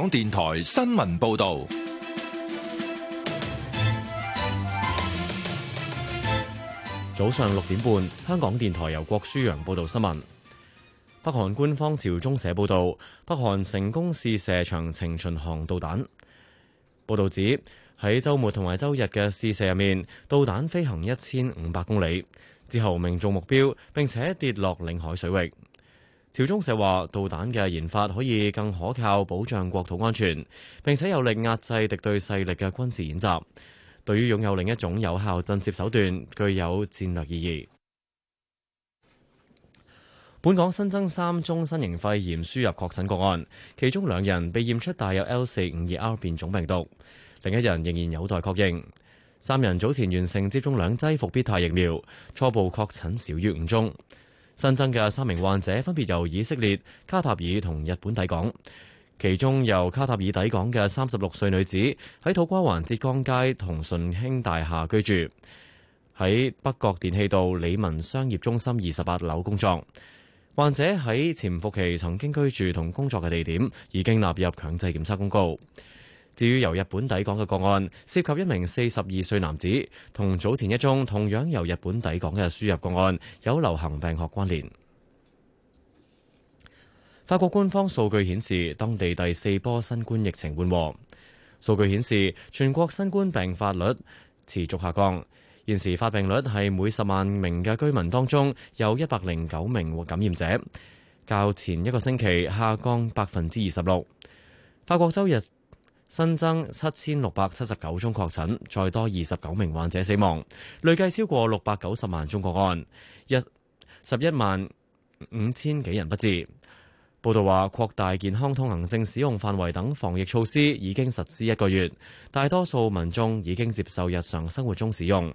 香港電台新聞報道，早上六點半，香港電台由郭舒揚報道新聞。北韓官方朝中社報道，北韓成功試射長程巡航導彈。報道指，喺周末同埋周日嘅試射入面，導彈飛行一千五百公里，之後命中目標，並且跌落領海水域。朝中社話，導彈嘅研發可以更可靠保障國土安全，並且有力壓制敵對勢力嘅軍事演習。對於擁有另一種有效震懾手段，具有戰略意義。本港新增三宗新型肺炎輸入確診個案，其中兩人被驗出帶有 L 四五二 R 變種病毒，另一人仍然有待確認。三人早前完成接種兩劑復必泰疫苗，初步確診少於五宗。新增嘅三名患者分別由以色列、卡塔爾同日本抵港，其中由卡塔爾抵港嘅三十六歲女子喺土瓜灣浙江街同順興大廈居住，喺北角電氣道李文商業中心二十八樓工作。患者喺潛伏期曾經居住同工作嘅地點已經納入強制檢測公告。至於由日本抵港嘅個案，涉及一名四十二歲男子，同早前一宗同樣由日本抵港嘅輸入個案有流行病學關聯。法國官方數據顯示，當地第四波新冠疫情緩和。數據顯示，全國新冠病發率持續下降，現時發病率係每十萬名嘅居民當中有一百零九名或感染者，較前一個星期下降百分之二十六。法國周日，新增七千六百七十九宗確診，再多二十九名患者死亡，累計超過六百九十萬宗個案，一十一萬五千幾人不治。報道話，擴大健康通行證使用範圍等防疫措施已經實施一個月，大多數民眾已經接受日常生活中使用。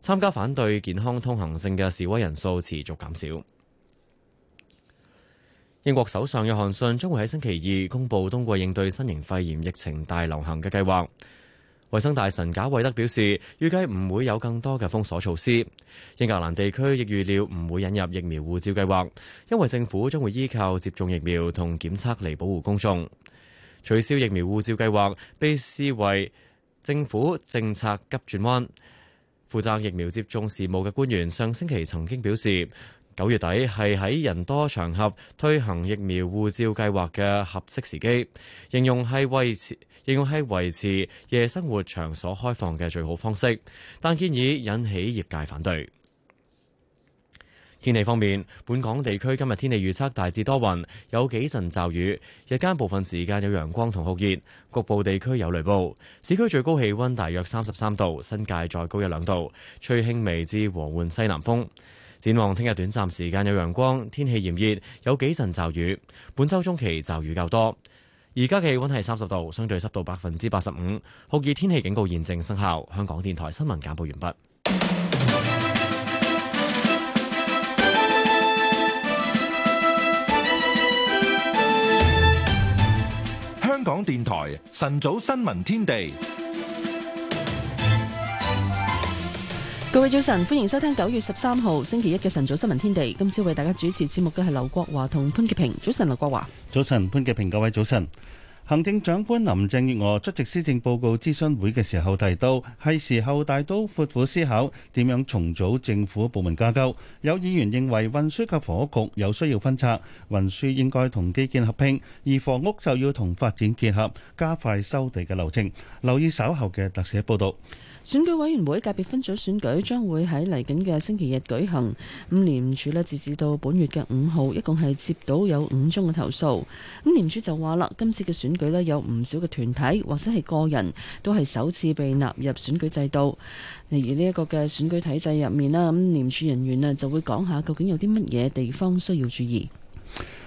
參加反對健康通行證嘅示威人數持續減少。英國首相約翰遜將會喺星期二公布冬季應對新型肺炎疫情大流行嘅計劃。衛生大臣賈偉德表示，預計唔會有更多嘅封鎖措施。英格蘭地區亦預料唔會引入疫苗護照計劃，因為政府將會依靠接種疫苗同檢測嚟保護公眾。取消疫苗護照計劃被視為政府政策急轉彎。負責疫苗接種事務嘅官員上星期曾經表示。九月底係喺人多場合推行疫苗護照計劃嘅合適時機，應用係維持應用係維持夜生活場所開放嘅最好方式，但建議引起業界反對。天氣方面，本港地區今日天氣預測大致多雲，有幾陣驟雨，日間部分時間有陽光同酷熱，局部地區有雷暴。市區最高氣温大約三十三度，新界再高一兩度，吹輕微至和緩西南風。展望聽日短暫時間有陽光，天氣炎熱，有幾陣驟雨。本周中期驟雨較多。而家氣溫係三十度，相對濕度百分之八十五，酷熱天氣警告現正生效。香港電台新聞簡報完畢。香港電台晨早新聞天地。各位早晨，歡迎收聽九月十三號星期一嘅晨早新聞天地。今朝為大家主持節目嘅係劉國華同潘潔平。早晨，劉國華。早晨，潘潔平。各位早晨。行政長官林鄭月娥出席施政報告諮詢會嘅時候提到，係時候大刀闊斧思考點樣重組政府部門架構。有議員認為運輸及房屋局有需要分拆，運輸應該同基建合併，而房屋就要同發展結合，加快收地嘅流程。留意稍後嘅特寫報道。選舉委員會界別分組選舉將會喺嚟緊嘅星期日舉行。咁廉署咧，截至到本月嘅五號，一共係接到有五宗嘅投訴。咁廉署就話啦，今次嘅選舉咧，有唔少嘅團體或者係個人都係首次被納入選舉制度。例如呢一個嘅選舉體制入面啦，咁廉署人員啊，就會講下究竟有啲乜嘢地方需要注意。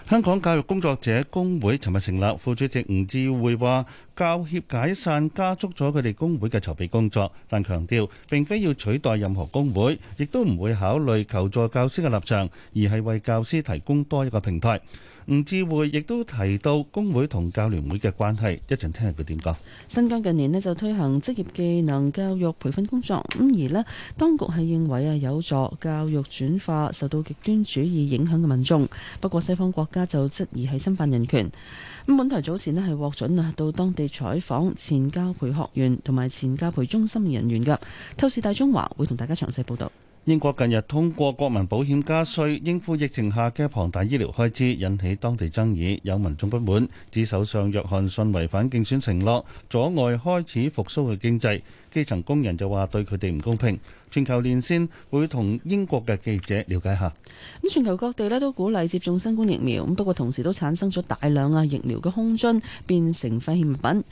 香港教育工作者工會尋日成立，副主席吳志會話：教協解散，加速咗佢哋工會嘅籌備工作，但強調並非要取代任何工會，亦都唔會考慮求助教師嘅立場，而係為教師提供多一個平台。吳智會亦都提到工會同教聯會嘅關係，一陣聽下佢點講。新疆近年咧就推行職業技能教育培訓工作，咁而咧當局係認為啊有助教育轉化受到極端主義影響嘅民眾。不過西方國家就質疑係侵犯人權。咁本台早前咧係獲准啊到當地採訪前教培學員同埋前教培中心人員嘅透視大中華會同大家詳細報道。英國近日通過國民保險加稅，應付疫情下嘅龐大醫療開支，引起當地爭議，有民眾不滿指首相約翰遜違反競選承諾，阻礙開始復甦嘅經濟。基層工人就話對佢哋唔公平。全球連線會同英國嘅記者了解下。咁全球各地呢都鼓勵接種新冠疫苗，咁不過同時都產生咗大量啊疫苗嘅空樽變成廢棄物品。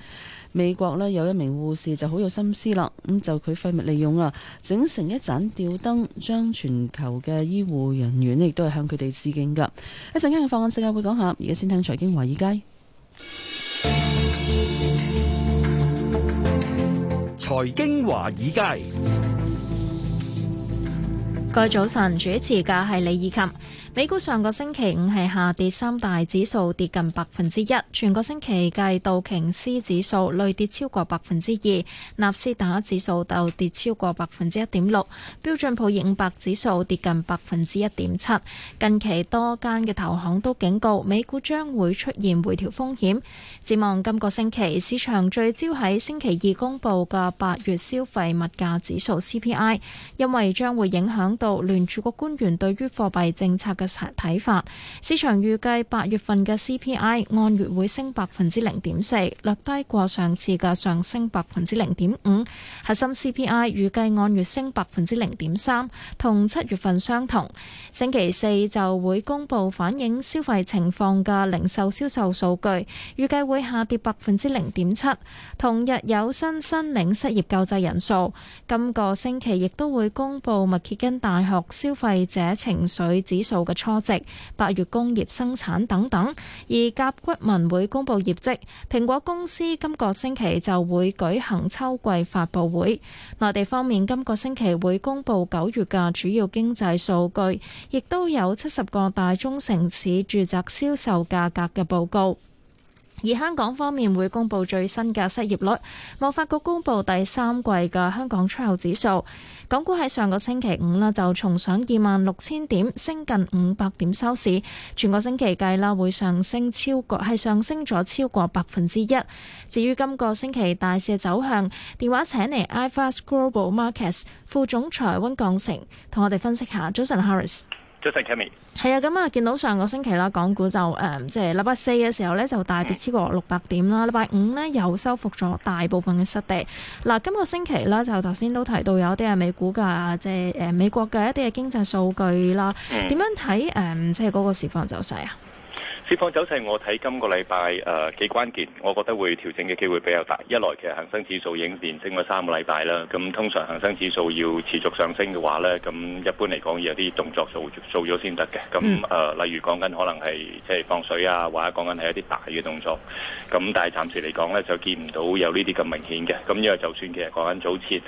美國咧有一名護士就好有心思啦，咁就佢廢物利用啊，整成一盞吊燈，將全球嘅醫護人員亦都係向佢哋致敬噶。一陣間放眼世界會講下，而家先聽財經華爾街。財經華爾街，各位早晨，主持嘅係李以琴。美股上個星期五係下跌，三大指數跌近百分之一，全個星期計道瓊斯指數累跌超過百分之二，納斯達指數就跌超過百分之一點六，標準普爾五百指數跌近百分之一點七。近期多間嘅投行都警告美股將會出現回調風險。展望今個星期，市場聚焦喺星期二公佈嘅八月消費物價指數 CPI，因為將會影響到聯儲局官員對於貨幣政策嘅睇法，市場預計八月份嘅 CPI 按月會升百分之零點四，略低過上次嘅上升百分之零點五。核心 CPI 預計按月升百分之零點三，同七月份相同。星期四就會公布反映消費情況嘅零售銷售數據，預計會下跌百分之零點七。同日有新申領失業救濟人數。今個星期亦都會公布密歇根大學消費者情緒指數嘅初值、八月工業生產等等，而甲骨文會公布業績，蘋果公司今個星期就會舉行秋季發布會，內地方面，今個星期會公布九月嘅主要經濟數據，亦都有七十個大中城市住宅銷售價格嘅報告。而香港方面會公布最新嘅失業率，貿發局公布第三季嘅香港出口指數。港股喺上個星期五啦，就重上二萬六千點，升近五百點收市。全個星期計啦，會上升超過係上升咗超過百分之一。至於今個星期大市嘅走向，電話請嚟 iFAST Global Markets 副總裁温鋼成同我哋分析下。早晨，Alex。Harris 係啊，咁啊， 見到上個星期啦，港股就誒，即係禮拜四嘅時候咧，就大跌超過六百點啦。禮拜五咧又收復咗大部分嘅失地。嗱、啊，今個星期咧就頭先都提到有啲係、就是嗯，美股嘅即係誒美國嘅一啲嘅經濟數據啦。點、嗯、樣睇誒，即係嗰個市況走勢啊？市況走勢我睇今個禮拜誒幾關鍵，我覺得會調整嘅機會比較大。一來其實恆生指數已經連升咗三個禮拜啦，咁通常恆生指數要持續上升嘅話咧，咁一般嚟講要有啲動作做做咗先得嘅。咁誒，例如講緊可能係即係放水啊，或者講緊係一啲大嘅動作。咁但係暫時嚟講咧，就見唔到有呢啲咁明顯嘅。咁因為就算其實講緊早前誒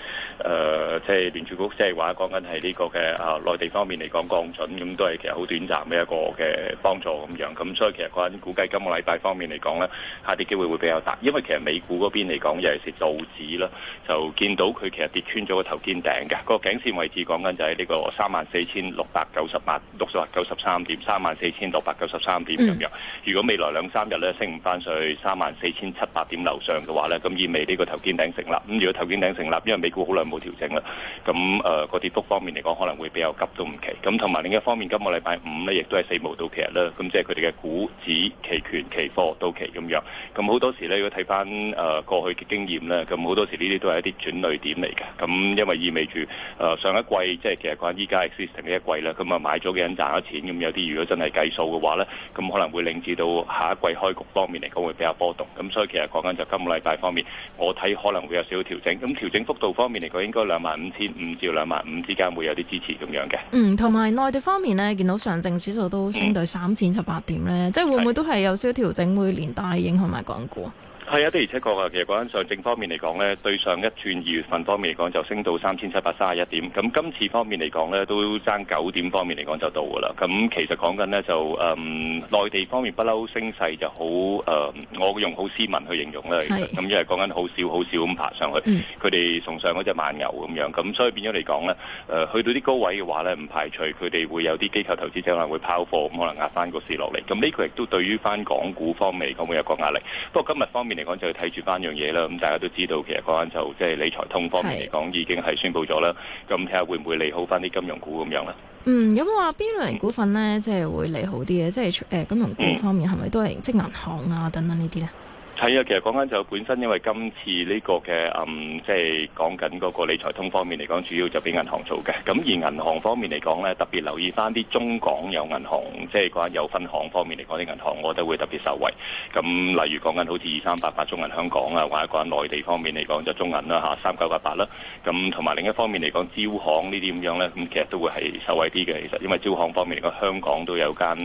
即係聯儲局即係話講緊係呢個嘅啊內地方面嚟講降準，咁都係其實好短暫嘅一個嘅幫助咁樣。咁所以其實個人估計今個禮拜方面嚟講咧，下跌機會會比較大，因為其實美股嗰邊嚟講尤其是道指啦，就見到佢其實跌穿咗個頭肩頂嘅個頸線位置，講緊就喺呢個三萬四千六百九十八、六百九十三點，三萬四千六百九十三點咁樣。如果未來兩三日咧升唔翻上去三萬四千七百點樓上嘅話咧，咁意味呢個頭肩頂成立。咁如果頭肩頂成立，因為美股好耐冇調整啦，咁誒個跌幅方面嚟講可能會比較急都唔奇。咁同埋另一方面，今個禮拜五咧亦都係四巫到期日啦，咁即係佢哋嘅股。股指期權、期貨到期咁樣，咁好多時咧，如果睇翻、呃、過去嘅經驗咧，咁好多時呢啲都係一啲轉類點嚟嘅，咁因為意味住、呃、上一季，即係其實講緊依家 existing 呢一季啦，咁啊買咗嘅人賺咗錢，咁有啲如果真係計數嘅話咧，咁可能會令至到下一季開局方面嚟講會比較波動，咁所以其實講緊就今個禮拜方面，我睇可能會有少少調整，咁調整幅度方面嚟講應該兩萬五千五至兩萬五之間會有啲支持咁樣嘅。嗯，同埋內地方面呢，見到上證指數都升到三千十八點咧。即係會唔會都係有少少調整？會連帶影響埋港股。係啊，是的而且確啊，其實講緊上證方面嚟講咧，對上一轉二月份方面嚟講就升到三千七百三十一點，咁今次方面嚟講咧都爭九點方面嚟講就到㗎啦。咁其實講緊咧就誒、嗯、內地方面不嬲升勢就好誒、呃，我用好斯文去形容咧，咁的因為講緊好少好少咁爬上去，佢哋、嗯、從上嗰隻慢牛咁樣，咁所以變咗嚟講咧，誒去到啲高位嘅話咧，唔排除佢哋會有啲機構投資者可能會拋貨，咁可能壓翻個市落嚟。咁呢個亦都對於翻港股方面嚟講會有個壓力。不過今日方面，嚟講就要睇住翻樣嘢啦，咁大家都知道其實嗰陣就即係、就是、理財通方面嚟講已經係宣布咗啦，咁睇下會唔會利好翻啲金融股咁樣啦。嗯，有冇話邊類股份咧、嗯，即係會利好啲嘅？即係誒金融股方面係咪都係、嗯、即銀行啊等等呢啲咧？係啊，其實講緊就本身因為今次呢個嘅嗯，即係講緊嗰個理財通方面嚟講，主要就俾銀行做嘅。咁而銀行方面嚟講咧，特別留意翻啲中港有銀行，即係講緊有分行方面嚟講啲銀行，我覺得會特別受惠。咁例如講緊好似二三八八中銀香港啊，或者講緊內地方面嚟講就中銀啦嚇，三九八八啦。咁同埋另一方面嚟講，招行這這呢啲咁樣咧，咁其實都會係受惠啲嘅。其實因為招行方面嚟講，香港都有間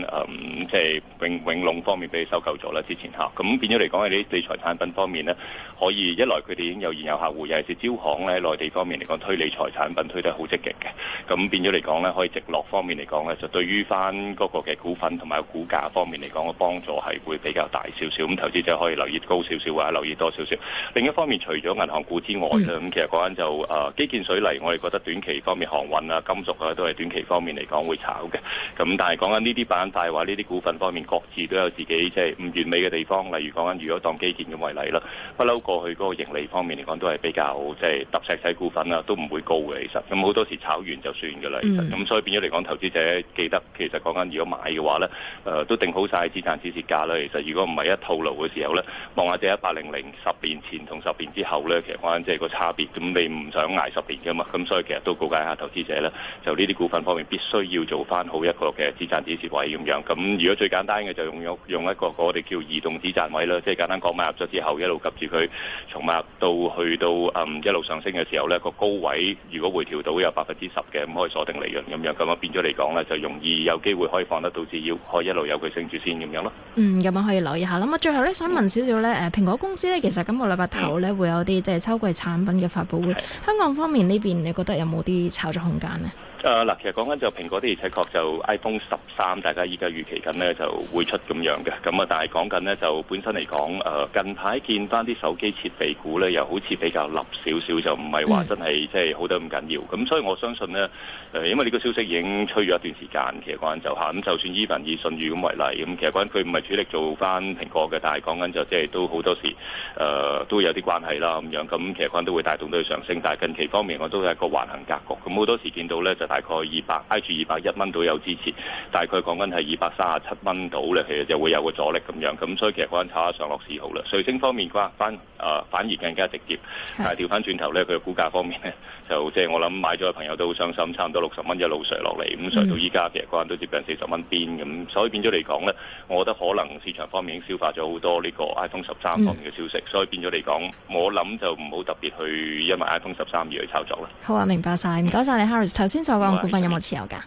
即係永永隆方面俾佢收購咗啦之前嚇。咁變咗嚟講係呢？理財產品方面呢，可以一來佢哋已經有現有客戶，尤其是招行咧，內地方面嚟講，推理財產品推得好積極嘅，咁變咗嚟講呢，可以直落方面嚟講呢，就對於翻嗰個嘅股份同埋個股價方面嚟講嘅幫助係會比較大少少。咁投資者可以留意高少少或者留意多少少。另一方面，除咗銀行股之外咧，咁、mm. 其實講緊就誒基建水泥，我哋覺得短期方面航運啊、金屬啊都係短期方面嚟講會炒嘅。咁但係講緊呢啲板塊話，呢啲股份方面各自都有自己即係唔完美嘅地方，例如講緊如果當基建咁為例啦，不嬲過去嗰個盈利方面嚟講都係比較即係揼石仔股份啦，都、就、唔、是、會高嘅。其實咁好、mm. 多時炒完就算嘅啦。咁所以變咗嚟講，so、Media，投資者記得其實講緊如果買嘅話咧，誒、呃、都定好晒資產止蝕價啦。其實如果唔係一套路嘅時候咧，望下即係八零零十年前同十年之後咧，mm. 其實講緊即係個差別。咁你唔想捱十年嘅嘛？咁所以其實都告誡下投資者咧，就呢啲股份方面必須要做返好一個嘅資產止蝕位咁樣。咁如果最簡單嘅就用用一個我哋叫移動止蝕位啦，即係簡單。講買入咗之後，一路及住佢從買到去到嗯一路上升嘅時候咧，個高位如果回調到有百分之十嘅，咁可以鎖定利潤咁樣，咁啊變咗嚟講咧，就容易有機會可以放得到，至要可以一路有佢升住先咁樣咯。嗯，咁啊可以留意下啦。咁啊，最後咧想問少少咧，誒蘋果公司咧，其實今個禮拜頭咧會有啲即係秋季產品嘅發布會，香港方面呢邊你覺得有冇啲炒作空間咧？誒嗱、呃，其實講緊就蘋果的確就 iPhone 十三，大家依家預期緊呢就會出咁樣嘅。咁啊，但係講緊呢，就本身嚟講，誒、呃、近排見翻啲手機設備股呢又好似比較立少少，就唔係話真係即係好得咁緊要。咁所以我相信呢，呃、因為呢個消息已經吹咗一段時間，其實講緊就嚇咁。就算依文以信譽咁為例，咁其實講緊佢唔係主力做翻蘋果嘅，但係講緊就即係都好多時誒、呃、都會有啲關係啦咁樣。咁其實講緊都會帶動到去上升，但係近期方面我都係一個橫行格局。咁好多時見到呢。就。大概二百挨住二百一蚊到有支持，大概講緊係二百三十七蚊到咧，其實就會有個阻力咁樣。咁所以其實嗰陣炒上落市好啦。瑞星方面關翻啊，反而更加直接，但係調翻轉頭咧，佢嘅股價方面咧，就即係、就是、我諗買咗嘅朋友都好傷心，差唔多六十蚊一路垂落嚟，咁上到依家、嗯、其實嗰陣都接近四十蚊邊咁。所以變咗嚟講咧，我覺得可能市場方面已經消化咗好多呢個 iPhone 十三方面嘅消息，嗯、所以變咗嚟講，我諗就唔好特別去因為 iPhone 十三而去炒作啦。好啊，明白晒。唔該晒你，Harris。頭先、嗯港股份有冇持有噶？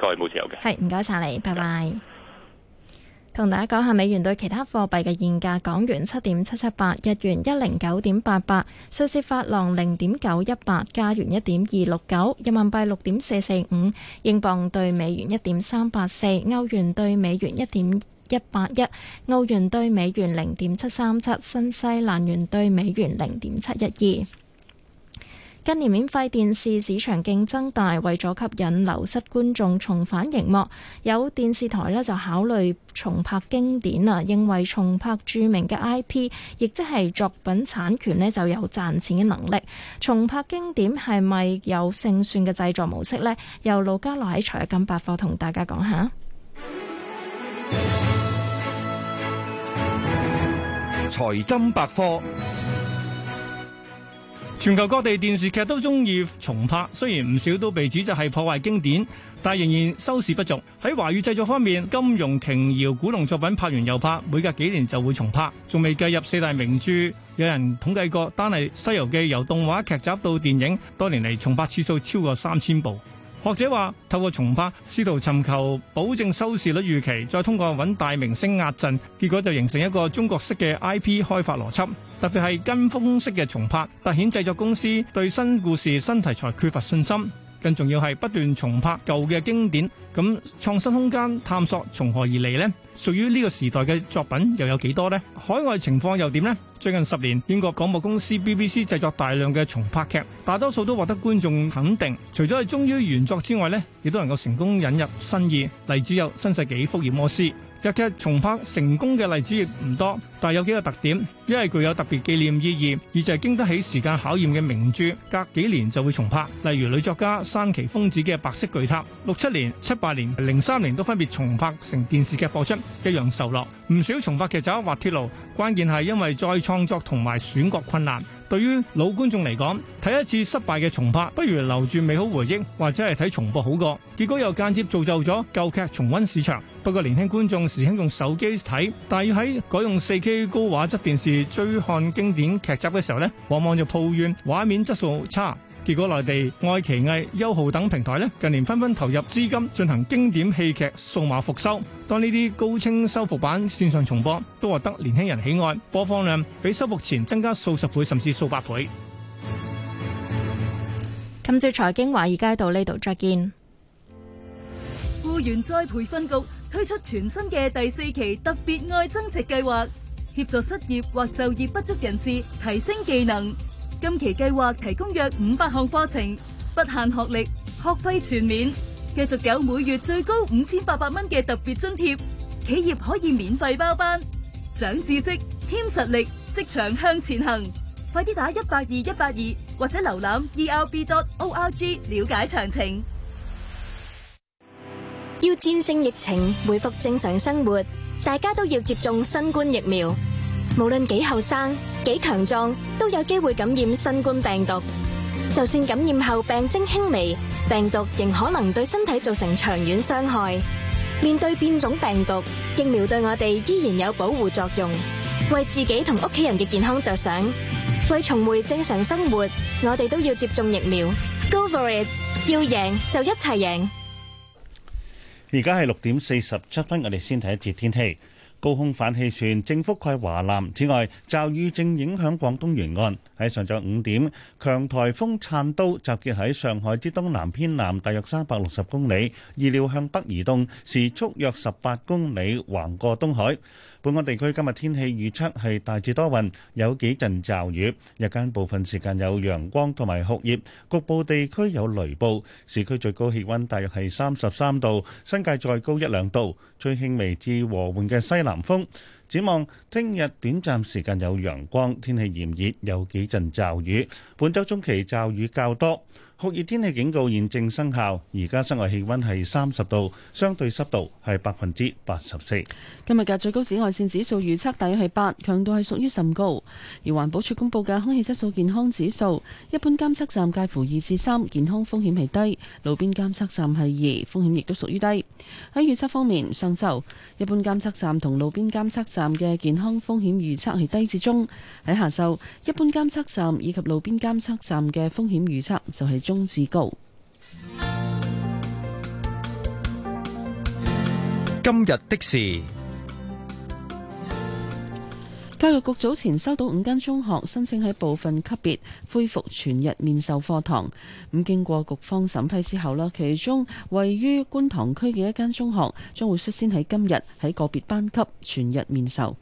佢係冇持有嘅。係，唔該晒你，拜拜。同大家講下美元對其他貨幣嘅現價：港元七點七七八，日元一零九點八八，瑞士法郎零點九一八，加元一點二六九，人民幣六點四四五，英鎊兌美元一點三八四，歐元兌美元一點一八一，澳元兌美元零點七三七，新西蘭元兌美元零點七一二。近年免費電視市場競爭大，為咗吸引流失觀眾重返熒幕，有電視台咧就考慮重拍經典啊。認為重拍著名嘅 IP，亦即係作品產權咧就有賺錢嘅能力。重拍經典係咪有勝算嘅製作模式呢？由盧家樂喺財金百科同大家講下。財金百科。全球各地電視劇都中意重拍，雖然唔少都被指責係破壞經典，但仍然收視不足。喺華語製作方面，金庸、瓊瑤、古龍作品拍完又拍，每隔幾年就會重拍。仲未計入四大名著，有人統計過，單係《西遊記》由動畫劇集到電影，多年嚟重拍次數超過三千部。學者話：透過重拍，試圖尋求保證收視率預期，再通過揾大明星壓陣，結果就形成一個中國式嘅 IP 開發邏輯，特別係跟風式嘅重拍，凸顯製作公司對新故事、新題材缺乏信心。更重要係不斷重拍舊嘅經典，咁創新空間探索從何而嚟呢？屬於呢個時代嘅作品又有幾多呢？海外情況又點呢？最近十年，英國廣播公司 BBC 製作大量嘅重拍劇，大多數都獲得觀眾肯定。除咗係忠於原作之外呢，亦都能夠成功引入新意。例子有新世紀福爾摩斯。日劇重拍成功嘅例子亦唔多，但有幾個特點：一係具有特別紀念意義，二就係經得起時間考驗嘅名著，隔幾年就會重拍。例如女作家山崎豐子嘅《白色巨塔》，六七年、七八年、零三年都分別重拍成電視劇播出，一樣受落。唔少重拍劇走一滑鐵盧，關鍵係因為再創作同埋選角困難。對於老觀眾嚟講，睇一次失敗嘅重拍，不如留住美好回憶，或者係睇重播好過。結果又間接造就咗舊劇重溫市場。不過年輕觀眾時興用手機睇，但要喺改用 4K 高畫質電視追看經典劇集嘅時候呢，往往就抱怨畫面質素差。結果內地愛奇藝、優酷等平台近年紛紛投入資金進行經典戲劇數碼復修。當呢啲高清修復版綫上重播，都獲得年輕人喜愛，播放量比修復前增加數十倍甚至數百倍。今朝財經華爾街到呢度再見。僱員再培訓局推出全新嘅第四期特別愛增值計劃，協助失業或就業不足人士提升技能。今期計劃提供約500項課程，不限學歷，學費全免，繼續有每月最高5800元嘅特別津貼，企業可以免費包班，長知識，添實力，職場向前行，快啲打182182，或者瀏覽 erb.org 了解詳情。要戰勝疫情，回復正常生活，大家都要接種新冠疫苗。無論幾後生、幾強壯，都有機會感染新冠病毒。就算感染後病徵輕微，病毒仍可能對身體造成長遠傷害。面對變種病毒，疫苗對我哋依然有保護作用。為自己同屋企人嘅健康着想，為重回正常生活，我哋都要接種疫苗。Go for it！要贏就一齊贏。而家係六點四十七分，我哋先睇一節天氣。高空反氣旋正覆蓋華南，此外，驟雨正影響廣東沿岸。喺上晝五點，強颱風燦都集結喺上海之東南偏南大約三百六十公里，預料向北移動，時速約十八公里，橫過東海。本港地區今日天，天氣預測係大致多雲，有幾陣驟雨，日間部分時間有陽光同埋酷熱，局部地區有雷暴。市區最高氣温大約係三十三度，新界再高一兩度。吹輕微至和緩嘅西南風。展望聽日短暫時間有陽光，天氣炎熱，有幾陣驟雨。本周中期驟雨較多。酷熱天氣警告現正生效，而家室外氣溫係三十度，相對濕度係百分之八十四。今日嘅最高紫外綫指數預測大約係八，強度係屬於甚高。而環保署公布嘅空氣質素健康指數，一般監測站介乎二至三，健康風險係低；路邊監測站係二，風險亦都屬於低。喺預測方面，上晝一般監測站同路邊監測站嘅健康風險預測係低至中；喺下晝，一般監測站以及路邊監測站嘅風險預測就係中。鍾志高，今日的事，教育局早前收到五間中學申請喺部分級別恢復全日面授課堂。咁經過局方審批之後啦，其中位於觀塘區嘅一間中學將會率先喺今日喺個別班級全日面授。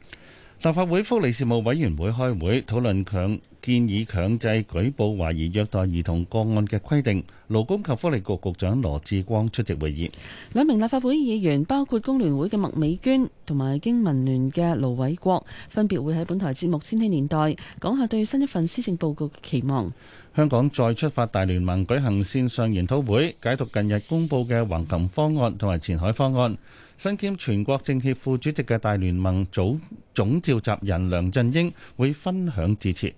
立法會福利事務委員會開會討論強建議強制舉報懷疑虐待兒童個案嘅規定，勞工及福利局局，局長羅致光出席會議。兩名立法會議員，包括工聯會嘅麥美娟同埋經民聯嘅盧偉國，分別會喺本台節目《千禧年代》講下對新一份施政報告嘅期望。香港再出發大聯盟舉行線上研討會，解讀近日公布嘅橫琴方案同埋前海方案。身兼全國政協副主席嘅大聯盟組總召集人梁振英會分享致辭。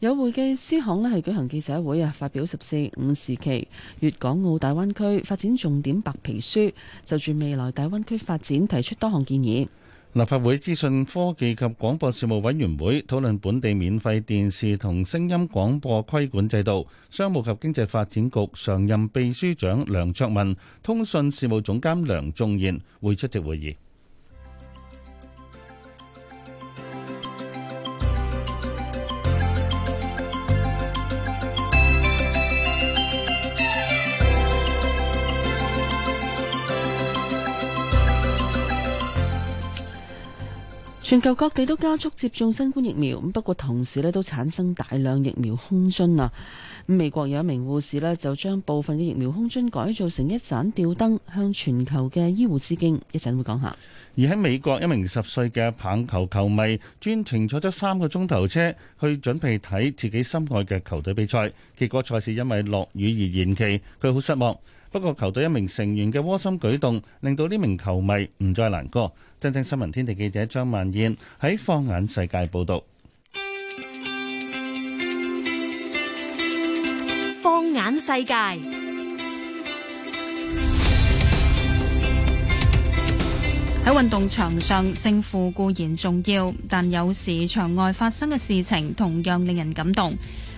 有會計師行咧係舉行記者會啊，發表十四五時期粵港澳大灣區發展重點白皮書，就住未來大灣區發展提出多項建議。立法會資訊科技及廣播事務委員會討論本地免費電視同聲音廣播規管制度。商務及經濟發展局常任秘書長梁卓文、通訊事務總監梁仲賢會出席會議。全球各地都加速接種新冠疫苗，不過同時咧都產生大量疫苗空樽啊！美國有一名護士咧就將部分嘅疫苗空樽改造成一盞吊燈，向全球嘅醫護致敬。一陣會講下。而喺美國，一名十歲嘅棒球球迷專程坐咗三個鐘頭車去準備睇自己心愛嘅球隊比賽，結果賽事因為落雨而延期，佢好失望。不過球隊一名成員嘅窩心舉動，令到呢名球迷唔再難過。晨早新聞天地記者張萬燕喺放眼世界報道，放眼世界。喺運動場上勝負固然重要，但有時場外發生嘅事情同樣令人感動。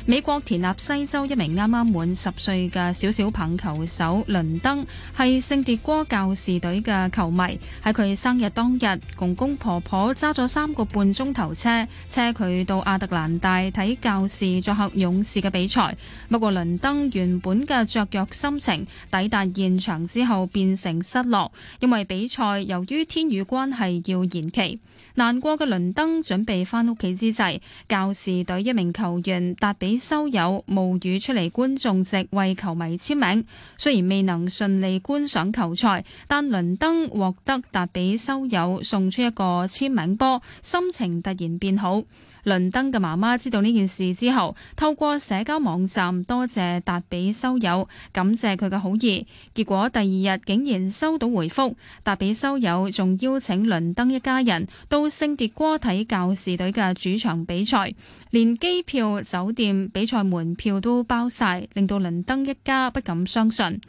美國田納西州一名啱啱滿十歲嘅小小棒球手倫登，係聖迭戈教士隊嘅球迷。喺佢生日當日，公公婆婆揸咗三個半鐘頭車，車佢到亞特蘭大睇教士作客勇士嘅比賽。不過倫登原本嘅雀躍心情，抵達現場之後變成失落，因為比賽由於天雨關係要延期。難過嘅倫登準備翻屋企之際，教士隊一名球員達比修友冒雨出嚟，觀眾席為球迷簽名。雖然未能順利觀賞球賽，但倫登獲得達比修友送出一個簽名波，心情突然變好。倫敦嘅媽媽知道呢件事之後，透過社交網站多謝達比修有，感謝佢嘅好意。結果第二日竟然收到回覆，達比修有仲邀請倫敦一家人到聖迭戈睇教士隊嘅主場比賽，連機票、酒店、比賽門票都包晒，令到倫敦一家不敢相信。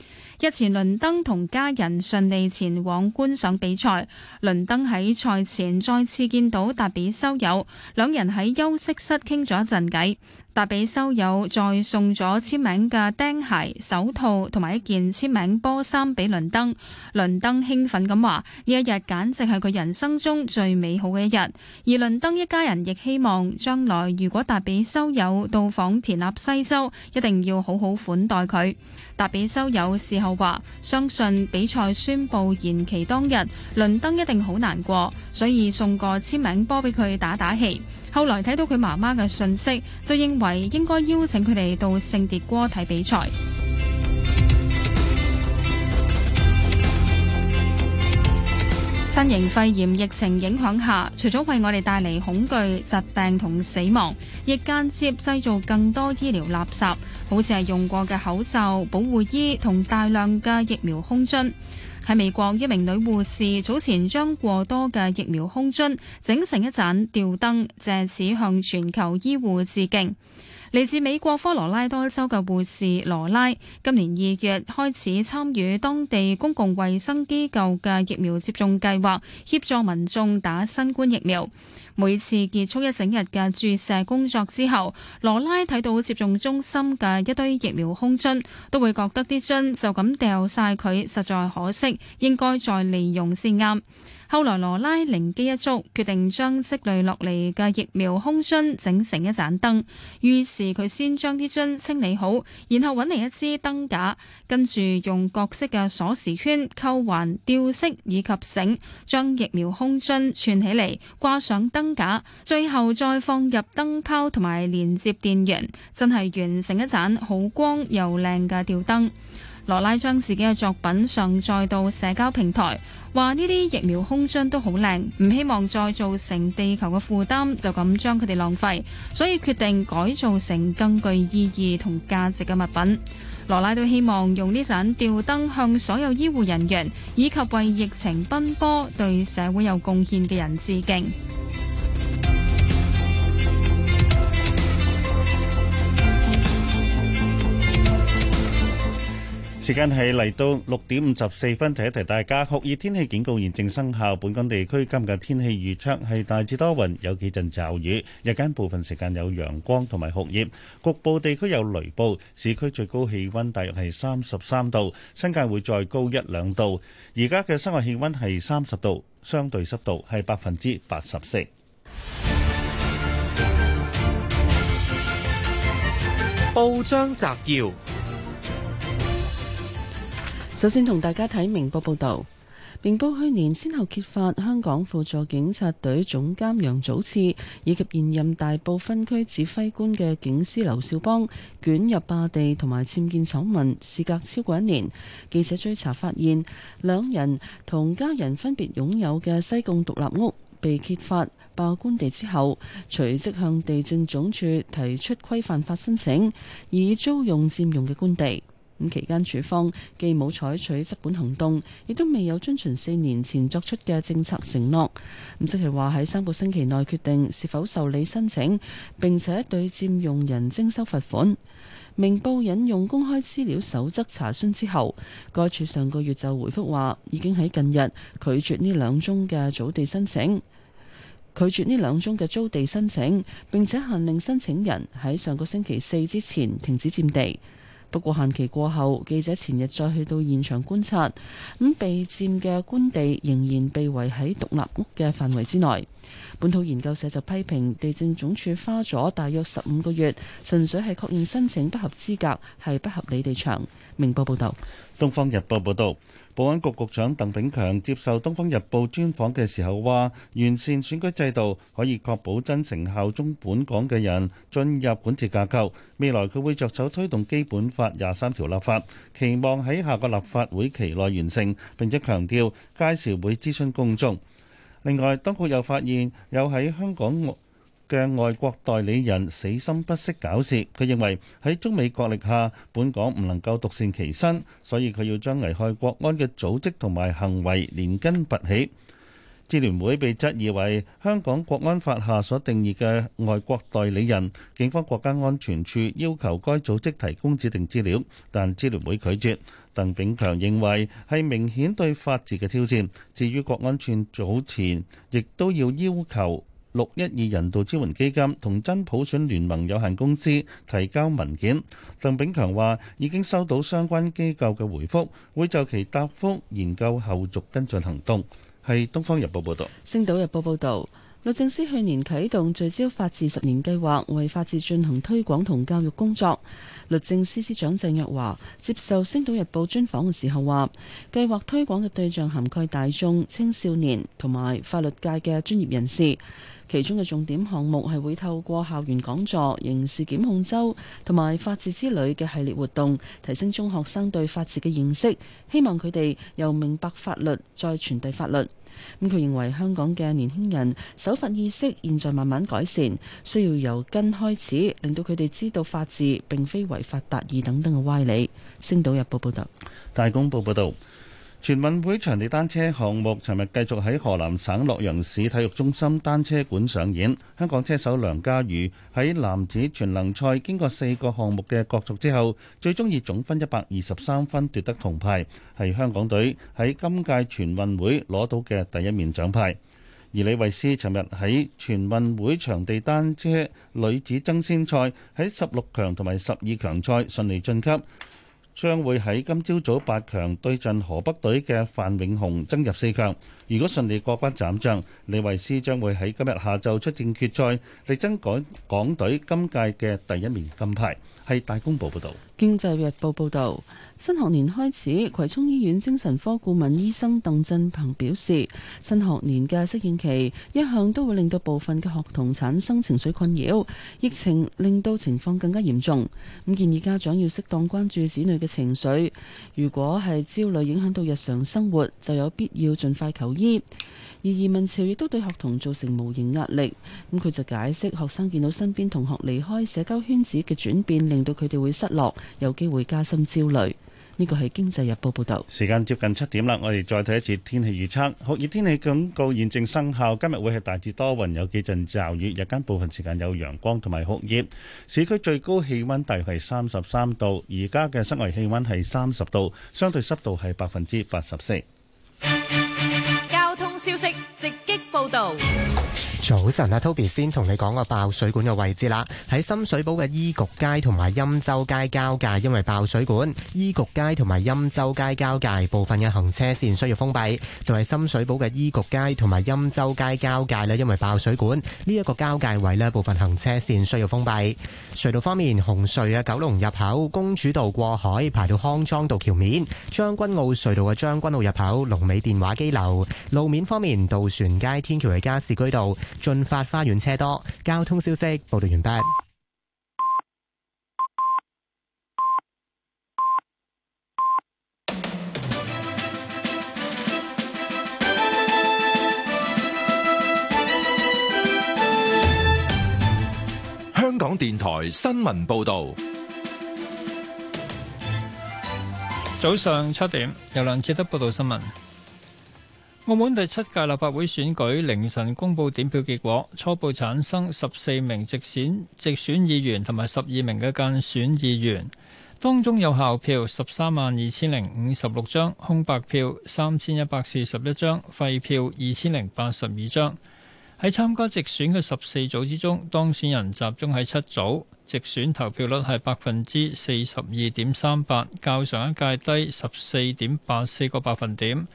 日前，倫登同家人順利前往觀賞比賽。倫登喺賽前再次見到達比修友，兩人喺休息室傾咗一陣偈。達比修有再送咗簽名嘅釘鞋、手套同埋一件簽名波衫俾倫登，倫登興奮咁話：呢一日簡直係佢人生中最美好嘅一日。而倫登一家人亦希望將來如果達比修有到訪田納西州，一定要好好款待佢。達比修有事後話：相信比賽宣布延期當日，倫登一定好難過，所以送個簽名波俾佢打打氣。後來睇到佢媽媽嘅信息，就認為應該邀請佢哋到聖迭戈睇比賽。新型肺炎疫情影響下，除咗為我哋帶嚟恐懼、疾病同死亡，亦間接製造更多醫療垃圾，好似係用過嘅口罩、保護衣同大量嘅疫苗空樽。喺美國，一名女護士早前將過多嘅疫苗空樽整成一盞吊燈，借此向全球醫護致敬。嚟自美國科羅拉多州嘅護士羅拉，今年二月開始參與當地公共衛生機構嘅疫苗接種計劃，協助民眾打新冠疫苗。每次結束一整日嘅注射工作之後，羅拉睇到接種中心嘅一堆疫苗空樽，都會覺得啲樽就咁掉晒，佢實在可惜，應該再利用先啱。後來，羅拉靈機一觸，決定將積累落嚟嘅疫苗空樽整成一盞燈。於是佢先將啲樽清理好，然後揾嚟一支燈架，跟住用各式嘅鎖匙圈、扣環、吊飾以及繩，將疫苗空樽串起嚟，掛上燈架，最後再放入燈泡同埋連接電源，真係完成一盞好光又靚嘅吊燈。羅拉將自己嘅作品上載到社交平台，話呢啲疫苗空樽都好靚，唔希望再造成地球嘅負擔，就咁將佢哋浪費，所以決定改造成更具意義同價值嘅物品。羅拉都希望用呢盞吊燈向所有醫護人員，以及為疫情奔波、對社會有貢獻嘅人致敬。時間係嚟到六點五十四分，提一提大家，酷熱天氣警告現正生效。本港地區今日嘅天氣預測係大致多雲，有幾陣驟雨，日間部分時間有陽光同埋酷熱，局部地區有雷暴。市區最高氣温大約係三十三度，新界會再高一兩度。而家嘅室外氣温係三十度，相對濕度係百分之八十四。報章摘要。首先同大家睇明報報道，明報去年先後揭發香港輔助警察隊總監楊祖次以及現任大埔分區指揮官嘅警司劉少邦捲入霸地同埋僭建醜聞，事隔超過一年，記者追查發現，兩人同家人分別擁有嘅西貢獨立屋被揭發霸官地之後，隨即向地政總署提出規範法申請，以租用佔用嘅官地。咁期間，處方既冇採取執管行動，亦都未有遵循四年前作出嘅政策承諾。咁即係話喺三個星期內決定是否受理申請，並且對佔用人徵收罰款。明報引用公開資料守則查詢之後，該處上個月就回覆話，已經喺近日拒絕呢兩宗嘅早地申請，拒絕呢兩宗嘅租地申請，並且限令申請人喺上個星期四之前停止佔地。不過限期過後，記者前日再去到現場觀察，咁被佔嘅官地仍然被圍喺獨立屋嘅範圍之內。本土研究社就批評地政總署花咗大約十五個月，純粹係確認申請不合資格，係不合理地長。明報報道。東方日報報導。保安局局長鄧炳強接受《東方日報》專訪嘅時候話，完善選舉制度可以確保真誠效忠本港嘅人進入管治架構。未來佢會着手推動《基本法》廿三條立法，期望喺下個立法會期內完成，並且強調屆時會諮詢公眾。另外，當局又發現有喺香港嘅外國代理人死心不息搞事，佢認為喺中美角力下，本港唔能夠獨善其身，所以佢要將危害國安嘅組織同埋行為連根拔起。支聯會被質疑為香港國安法下所定義嘅外國代理人，警方國家安全處要求該組織提供指定資料，但支聯會拒絕。鄧炳強認為係明顯對法治嘅挑戰。至於國安處早前亦都要要求。六一二人道支援基金同真普選聯盟有限公司提交文件。鄧炳強話已經收到相關機構嘅回覆，會就其答覆研究後續跟進行動，係東方日報報道。星島日報報道，律政司去年啟動聚焦法治十年計劃，為法治進行推廣同教育工作。律政司司長鄭若驊接受《星島日報》專訪嘅時候話，計劃推廣嘅對象涵蓋大眾、青少年同埋法律界嘅專業人士。其中嘅重點項目係會透過校園講座、刑事檢控周同埋法治之旅嘅系列活動，提升中學生對法治嘅認識，希望佢哋又明白法律再傳遞法律。咁佢認為香港嘅年輕人守法意識現在慢慢改善，需要由根開始，令到佢哋知道法治並非違法達義等等嘅歪理。星島日報報道，大公報報道。全運會場地單車項目尋日繼續喺河南省洛陽市體育中心單車館上演。香港車手梁家瑜喺男子全能賽經過四個項目嘅角逐之後，最終以總分一百二十三分奪得銅牌，係香港隊喺今屆全運會攞到嘅第一面獎牌。而李慧詩尋日喺全運會場地單車女子爭先賽喺十六強同埋十二強賽順利晉級。將會喺今朝早，早八強對陣河北隊嘅范永紅，爭入四強。如果順利過關斬將，李維斯將會喺今日下晝出戰決賽力爭改港隊今屆嘅第一面金牌。係大公報報道，經濟日報報道新學年開始，葵涌醫院精神科顧問醫生鄧振鵬表示，新學年嘅適應期一向都會令到部分嘅學童產生情緒困擾，疫情令到情況更加嚴重。咁建議家長要適當關注子女嘅情緒，如果係焦慮影響到日常生活，就有必要盡快求。而移民潮亦都對學童造成無形壓力。咁佢就解釋，學生見到身邊同學離開社交圈子嘅轉變，令到佢哋會失落，有機會加深焦慮。呢個係《經濟日報》報道。時間接近七點啦，我哋再睇一次天氣預測。酷熱天氣警告現正生效，今日會係大致多雲，有幾陣驟雨。日間部分時間有陽光同埋酷熱。市區最高氣溫大約係三十三度，而家嘅室外氣溫係三十度，相對濕度係百分之八十四。消息直擊報道。早晨啊，Toby 先同你講個爆水管嘅位置啦。喺深水埗嘅醫局街同埋欽州街交界，因為爆水管，醫局街同埋欽州街交界部分嘅行車線需要封閉。就係深水埗嘅醫局街同埋欽州街交界咧，因為爆水管，呢一個交界位咧部分行車線需要封閉。隧道方面，紅隧嘅九龍入口、公主道過海、排到康莊道橋面、將軍澳隧道嘅將軍澳入口、龍尾電話機樓。路面方面，渡船街天橋嘅加士居道。駿發花園車多，交通消息報道完畢。香港電台新聞報道，早上七點由梁志德報道新聞。澳門第七屆立法會選舉凌晨公布點票結果，初步產生十四名直選直選議員同埋十二名嘅間選議員，當中有效票十三萬二千零五十六張，空白票三千一百四十一張，廢票二千零八十二張。喺參加直選嘅十四組之中，當選人集中喺七組，直選投票率係百分之四十二點三八，較上一屆低十四點八四個百分點。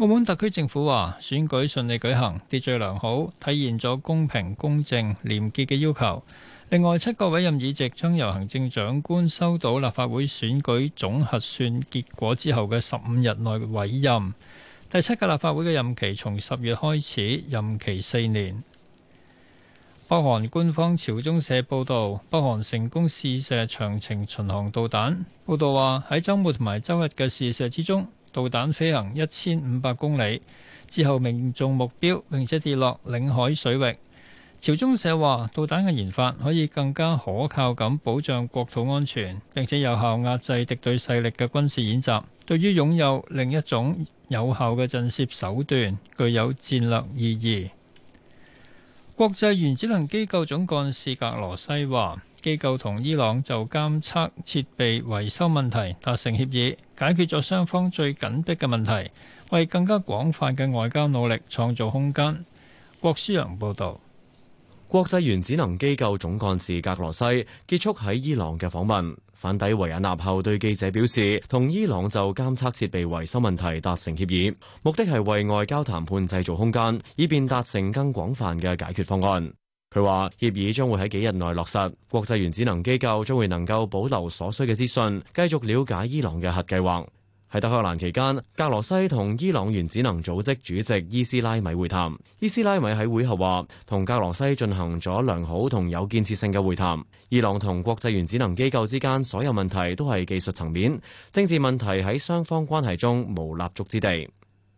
澳門特區政府話，選舉順利舉行，秩序良好，體現咗公平、公正、廉潔嘅要求。另外，七個委任議席將由行政長官收到立法會選舉總核算結果之後嘅十五日內委任。第七屆立法會嘅任期從十月開始，任期四年。北韓官方朝中社報導，北韓成功試射長程巡航導彈。報導話喺周末同埋周日嘅試射之中，導彈飛行一千五百公里之後命中目標，並且跌落領海水域。朝中社話：導彈嘅研發可以更加可靠咁保障國土安全，並且有效壓制敵對勢力嘅軍事演習，對於擁有另一種有效嘅震懾手段，具有戰略意義。國際原子能機構總幹事格羅西話。機構同伊朗就監測設備維修問題達成協議，解決咗雙方最緊迫嘅問題，為更加廣泛嘅外交努力創造空間。郭思陽報道，國際原子能機構總幹事格羅西結束喺伊朗嘅訪問，返抵維也納後，對記者表示，同伊朗就監測設備維修問題達成協議，目的係為外交談判製造空間，以便達成更廣泛嘅解決方案。佢話協議將會喺幾日內落實，國際原子能機構將會能夠保留所需嘅資訊，繼續了解伊朗嘅核計劃。喺德黑蘭期間，格羅西同伊朗原子能組織主席伊斯拉米會談。伊斯拉米喺會後話，同格羅西進行咗良好同有建設性嘅會談。伊朗同國際原子能機構之間所有問題都係技術層面，政治問題喺雙方關係中無立足之地。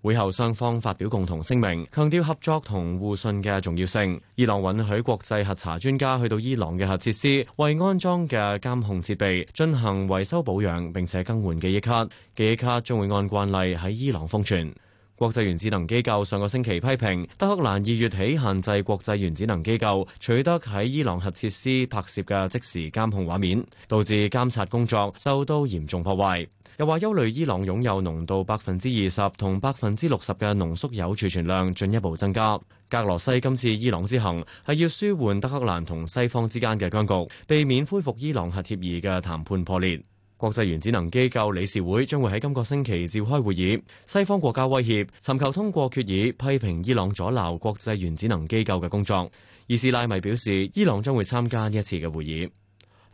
會後雙方發表共同聲明，強調合作同互信嘅重要性。伊朗允許國際核查專家去到伊朗嘅核設施，為安裝嘅監控設備進行維修保養，並且更換記憶卡。記憶卡將會按慣例喺伊朗封存。國際原子能機構上個星期批評，德黑蘭二月起限制國際原子能機構取得喺伊朗核設施拍攝嘅即時監控畫面，導致監察工作受到嚴重破壞。又話憂慮伊朗擁有濃度百分之二十同百分之六十嘅濃縮鈾儲存量進一步增加。格羅西今次伊朗之行係要舒緩德黑蘭同西方之間嘅僵局，避免恢復伊朗核協議嘅談判破裂。國際原子能機構理事會將會喺今個星期召開會議。西方國家威脅尋求通過決議，批評伊朗阻撓國際原子能機構嘅工作。伊斯拉米表示，伊朗將會參加呢一次嘅會議。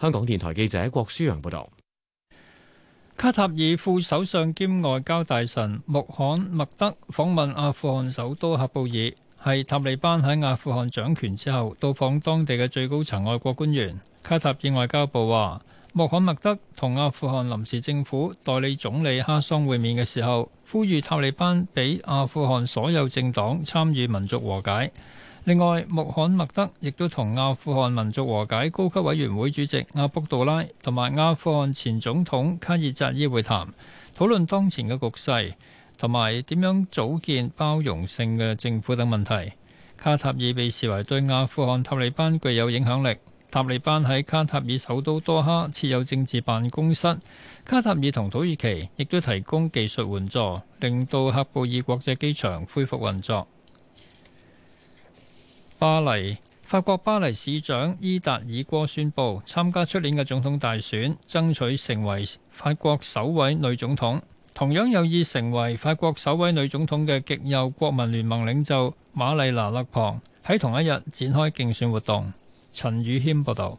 香港電台記者郭舒揚報道。卡塔爾副首相兼外交大臣穆罕默德訪問阿富汗首都喀布爾，係塔利班喺阿富汗掌權之後到訪當地嘅最高層外國官員。卡塔爾外交部話，穆罕默德同阿富汗臨時政府代理總理哈桑會面嘅時候，呼籲塔利班畀阿富汗所有政黨參與民族和解。另外，穆罕默德亦都同阿富汗民族和解高級委員會主席阿卜杜拉同埋阿富汗前總統卡爾扎伊會談，討論當前嘅局勢同埋點樣組建包容性嘅政府等問題。卡塔爾被視為對阿富汗塔利班具有影響力，塔利班喺卡塔爾首都多哈設有政治辦公室。卡塔爾同土耳其亦都提供技術援助，令到喀布爾國際機場恢復運作。巴黎，法國巴黎市長伊達爾戈宣布參加出年嘅總統大選，爭取成為法國首位女總統，同樣有意成為法國首位女總統嘅極右國民聯盟領袖瑪麗娜勒龐喺同一日展開競選活動，陳宇謙報道。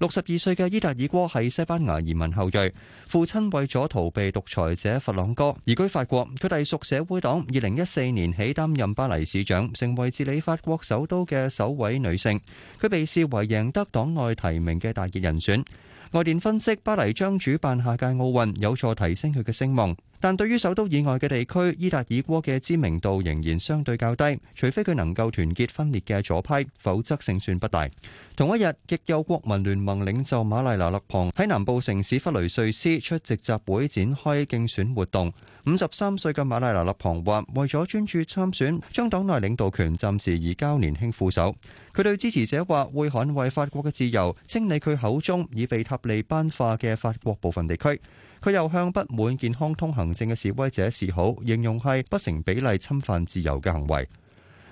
六十二歲嘅伊達爾戈係西班牙移民後裔，父親為咗逃避獨裁者弗朗哥移居法國。佢隸屬社會黨，二零一四年起擔任巴黎市長，成為治理法國首都嘅首位女性。佢被視為贏得黨內提名嘅大熱人選。外電分析，巴黎將主辦下屆奧運，有助提升佢嘅聲望。但對於首都以外嘅地區，伊達爾哥嘅知名度仍然相對較低，除非佢能夠團結分裂嘅左派，否則勝算不大。同一日，亦有國民聯盟領袖馬麗娜勒龐喺南部城市弗雷瑞斯出席集會，展開競選活動。五十三歲嘅馬麗娜勒龐話：為咗專注參選，將黨內領導權暫時移交年輕副手。佢對支持者話：會捍衛法國嘅自由，清理佢口中已被塔利班化嘅法國部分地區。佢又向不滿健康通行證嘅示威者示好，形容係不成比例侵犯自由嘅行為。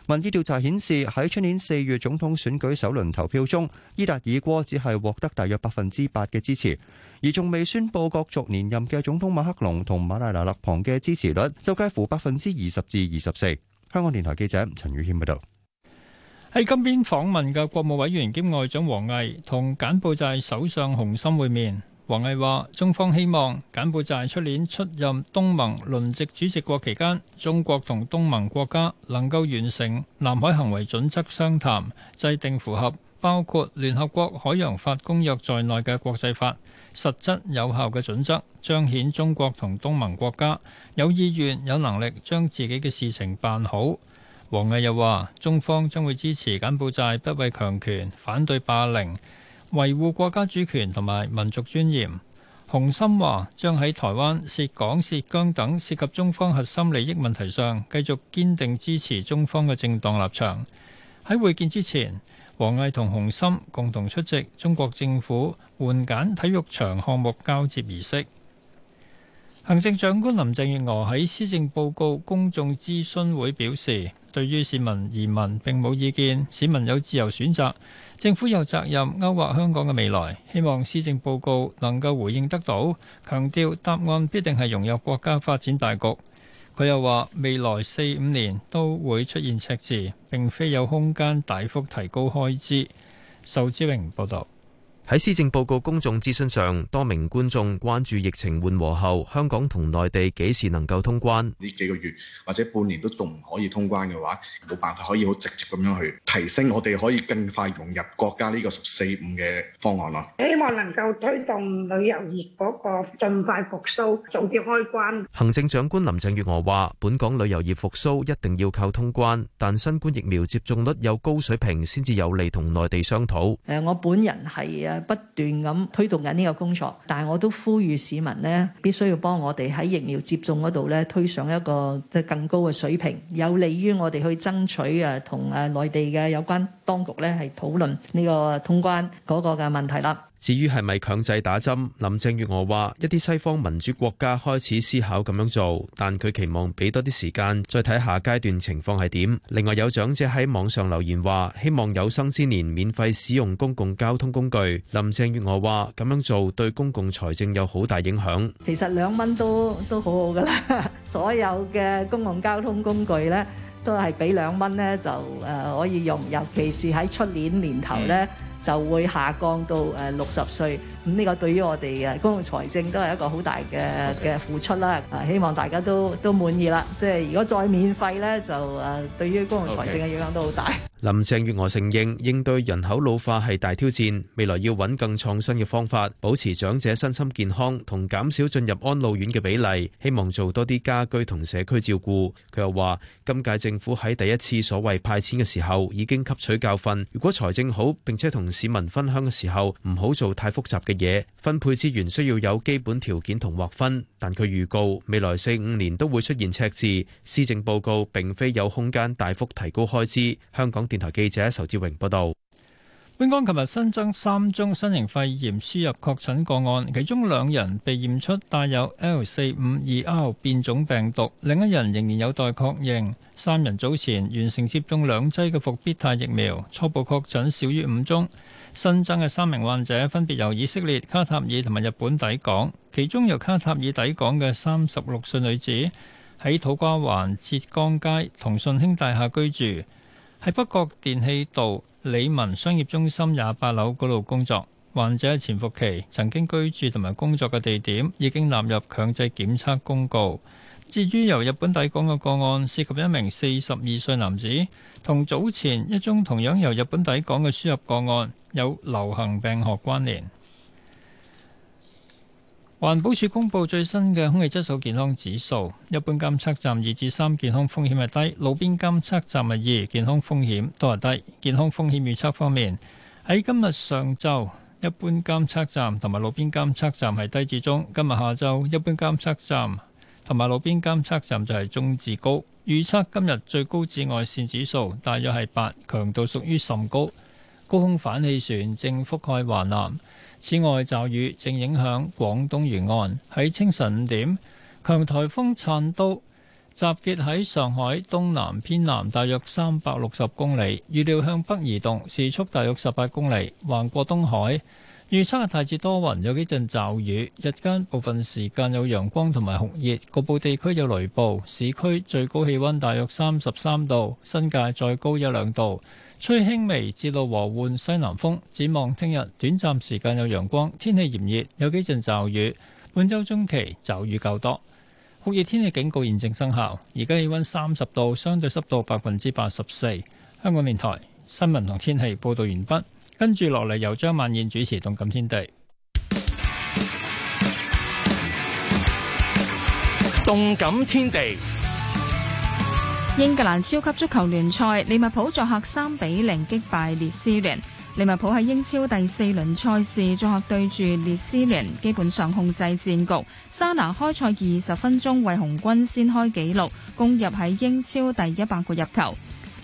民意調查顯示，喺出年四月總統選舉首輪投票中，伊達爾戈只係獲得大約百分之八嘅支持，而仲未宣佈角逐連任嘅總統馬克龍同馬賴拿勒旁嘅支持率就介乎百分之二十至二十四。香港電台記者陳宇軒報導。喺金邊訪問嘅國務委員兼外長王毅同柬埔寨首相洪森會面。王毅話：中方希望柬埔寨出年出任東盟輪值主席國期間，中國同東盟國家能夠完成南海行為準則商談，制定符合包括聯合國海洋法公約在內嘅國際法，實質有效嘅準則，彰顯中國同東盟國家有意願有能力將自己嘅事情辦好。王毅又話：中方將會支持柬埔寨不畏強權，反對霸凌。維護國家主權同埋民族尊嚴。洪森話將喺台灣涉港涉疆等涉及中方核心利益問題上，繼續堅定支持中方嘅正當立場。喺會見之前，王毅同洪森共同出席中國政府援建體育場項目交接儀式。行政長官林鄭月娥喺施政報告公眾諮詢會表示，對於市民移民並冇意見，市民有自由選擇。政府有責任勾畫香港嘅未來，希望施政報告能夠回應得到。強調答案必定係融入國家發展大局。佢又話未來四五年都會出現赤字，並非有空間大幅提高開支。仇志榮報道。喺施政報告公眾諮詢上，多名觀眾關注疫情緩和後，香港同內地幾時能夠通關？呢幾個月或者半年都仲唔可以通關嘅話，冇辦法可以好直接咁樣去提升我哋可以更快融入國家呢個十四五嘅方案咯。希望能夠推動旅遊業嗰個盡快復甦，早啲開關。行政長官林鄭月娥話，本港旅遊業復甦一定要靠通關，但新冠疫苗接種率有高水平先至有利同內地商討。誒，我本人係啊。不斷咁推動緊呢個工作，但我都呼籲市民呢，必須要幫我哋喺疫苗接種嗰度推上一個更高嘅水平，有利於我哋去爭取誒同誒內地嘅有關。當局咧係討論呢個通關嗰個嘅問題啦。至於係咪強制打針？林鄭月娥話：一啲西方民主國家開始思考咁樣做，但佢期望俾多啲時間再睇下階段情況係點。另外有長者喺網上留言話：希望有生之年免費使用公共交通工具。林鄭月娥話：咁樣做對公共財政有好大影響。其實兩蚊都都好好㗎啦， 所有嘅公共交通工具咧，都係俾兩蚊咧，就可以用，尤其是喺出年年頭咧，就會下降到六十歲。咁呢個對於我哋嘅公共財政都係一個好大嘅嘅付出啦！啊，希望大家都都滿意啦。即係如果再免費咧，就誒對於公共財政嘅影響都好大。Okay. 林鄭月娥承認應對人口老化係大挑戰，未來要揾更創新嘅方法，保持長者身心健康同減少進入安老院嘅比例。希望做多啲家居同社區照顧。佢又話：今屆政府喺第一次所謂派錢嘅時候已經吸取教訓，如果財政好並且同市民分享嘅時候，唔好做太複雜嘅。嘢分配資源需要有基本條件同劃分，但佢預告未來四五年都會出現赤字。施政報告並非有空間大幅提高開支。香港電台記者仇志榮報導。本港琴日新增三宗新型肺炎輸入確診個案，其中兩人被驗出帶有 L 四五二 R 變種病毒，另一人仍然有待確認。三人早前完成接種兩劑嘅復必泰疫苗，初步確診少於五宗。新增嘅三名患者分別由以色列、卡塔爾同埋日本抵港，其中由卡塔爾抵港嘅三十六歲女子喺土瓜灣浙江街同信興大廈居住，喺北角電氣道李文商業中心廿八樓嗰度工作。患者喺潛伏期，曾經居住同埋工作嘅地點已經納入強制檢測公告。至於由日本抵港嘅個案，涉及一名四十二歲男子。同早前一宗同樣由日本抵港嘅輸入個案有流行病學關聯。環保署公布最新嘅空氣質素健康指數，一般監測站二至三健康風險係低，路邊監測站係二健康風險都係低。健康風險預測方面，喺今日上晝，一般監測站同埋路邊監測站係低至中；今日下晝，一般監測站同埋路邊監測站就係中至高。預測今日最高紫外線指數大約係八，強度屬於甚高。高空反氣旋正覆蓋華南，此外驟雨正影響廣東沿岸。喺清晨五點，強颱風燦都集結喺上海東南偏南大約三百六十公里，預料向北移動，時速大約十八公里，橫過東海。預測日大致多雲，有幾陣驟雨。日間部分時間有陽光同埋酷熱，局部地區有雷暴。市區最高氣溫大約三十三度，新界再高一兩度。吹輕微至到和緩西南風。展望聽日短暫時間有陽光，天氣炎熱，有幾陣驟雨。本周中期驟雨較多。酷熱天氣警告現正生效。而家氣溫三十度，相對濕度百分之八十四。香港電台新聞同天氣報道完畢。跟住落嚟，由張曼燕主持《動感天地》。《動感天地》，英格蘭超級足球聯賽，利物浦作客三比零擊敗列斯聯。利物浦喺英超第四輪賽事作客對住列斯聯，基本上控制戰局。沙拿開賽二十分鐘，為紅軍先開紀錄，攻入喺英超第一百個入球。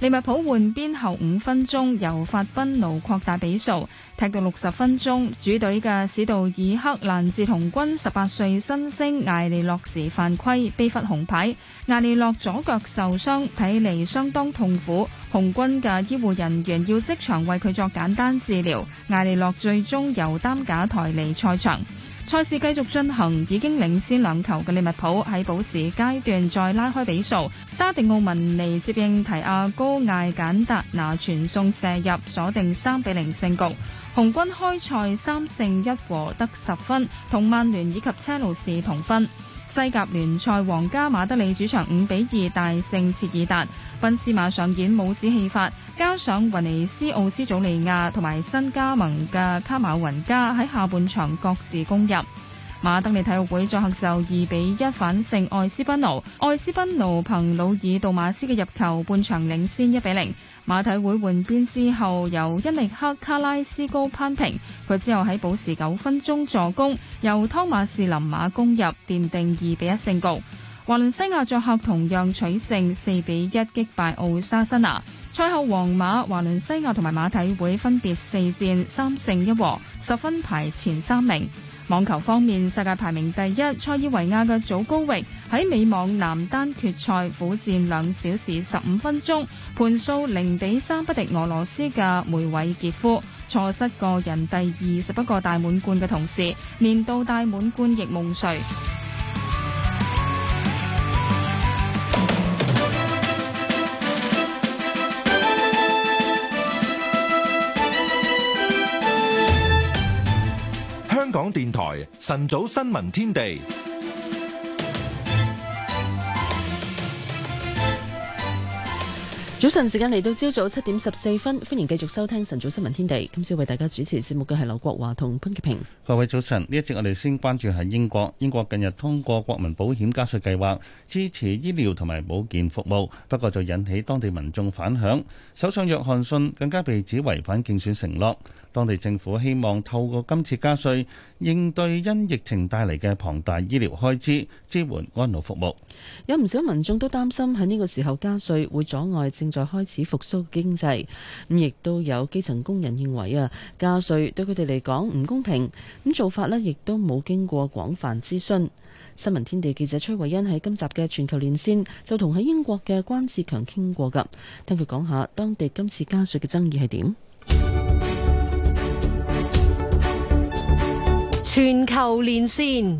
利物浦換邊後五分鐘由法賓奴擴大比數，踢到六十分鐘，主隊嘅史杜爾克攔截紅軍十八歲新星艾利洛時犯規，被罰紅牌。艾利洛左腳受傷，睇嚟相當痛苦，紅軍嘅醫護人員要即場為佢作簡單治療。艾利洛最終由擔架抬離賽場。賽事繼續進行，已經領先兩球嘅利物浦喺補時階段再拉開比數。沙迪奧文尼接應提亞高艾簡達拿傳送射入，鎖定三比零勝局。紅軍開賽三勝一和得十分，同曼聯以及車路士同分。西甲聯賽皇家馬德里主場五比二大勝切爾達，賓斯馬上演帽子戲法。加上雲尼斯、奧斯祖利亞同埋新加盟嘅卡馬雲加喺下半場各自攻入馬德里體育會作客就二比一反勝愛斯賓奴。愛斯賓奴憑魯爾杜馬斯嘅入球，半場領先一比零。馬體會換邊之後，由恩力克卡拉斯高攀平，佢之後喺補時九分鐘助攻，由湯馬士林馬攻入，奠定二比一勝局。華倫西亞作客同樣取勝，四比一擊敗奧沙辛拿。賽後，皇馬、華倫西亞同埋馬體會分別四戰三勝一和，十分排前三名。網球方面，世界排名第一塞爾維亞嘅祖高域喺美網男單決賽苦戰兩小時十五分鐘，盤數零比三不敵俄羅斯嘅梅偉杰夫，錯失個人第二十一個大滿貫嘅同時，年度大滿貫亦夢碎。香港電台晨早新聞天地，早晨時間嚟到朝早七點十四分，歡迎繼續收聽晨早新聞天地。今次為大家主持節目嘅係劉國華同潘潔平。各位早晨，呢一節我哋先關注下英國。英國近日通過國民保險加稅計劃支持醫療同埋保健服務，不過就引起當地民眾反響。首相約翰遜更加被指違反競選承諾。當地政府希望透過今次加稅，應對因疫情帶嚟嘅龐大醫療開支，支援安老服務。有唔少民眾都擔心喺呢個時候加稅會阻礙正在開始復甦嘅經濟。咁亦都有基層工人認為啊，加稅對佢哋嚟講唔公平。咁做法呢亦都冇經過廣泛諮詢。新聞天地記者崔慧欣喺今集嘅全球連線就同喺英國嘅關志強傾過㗎，聽佢講下當地今次加稅嘅爭議係點。全球連線，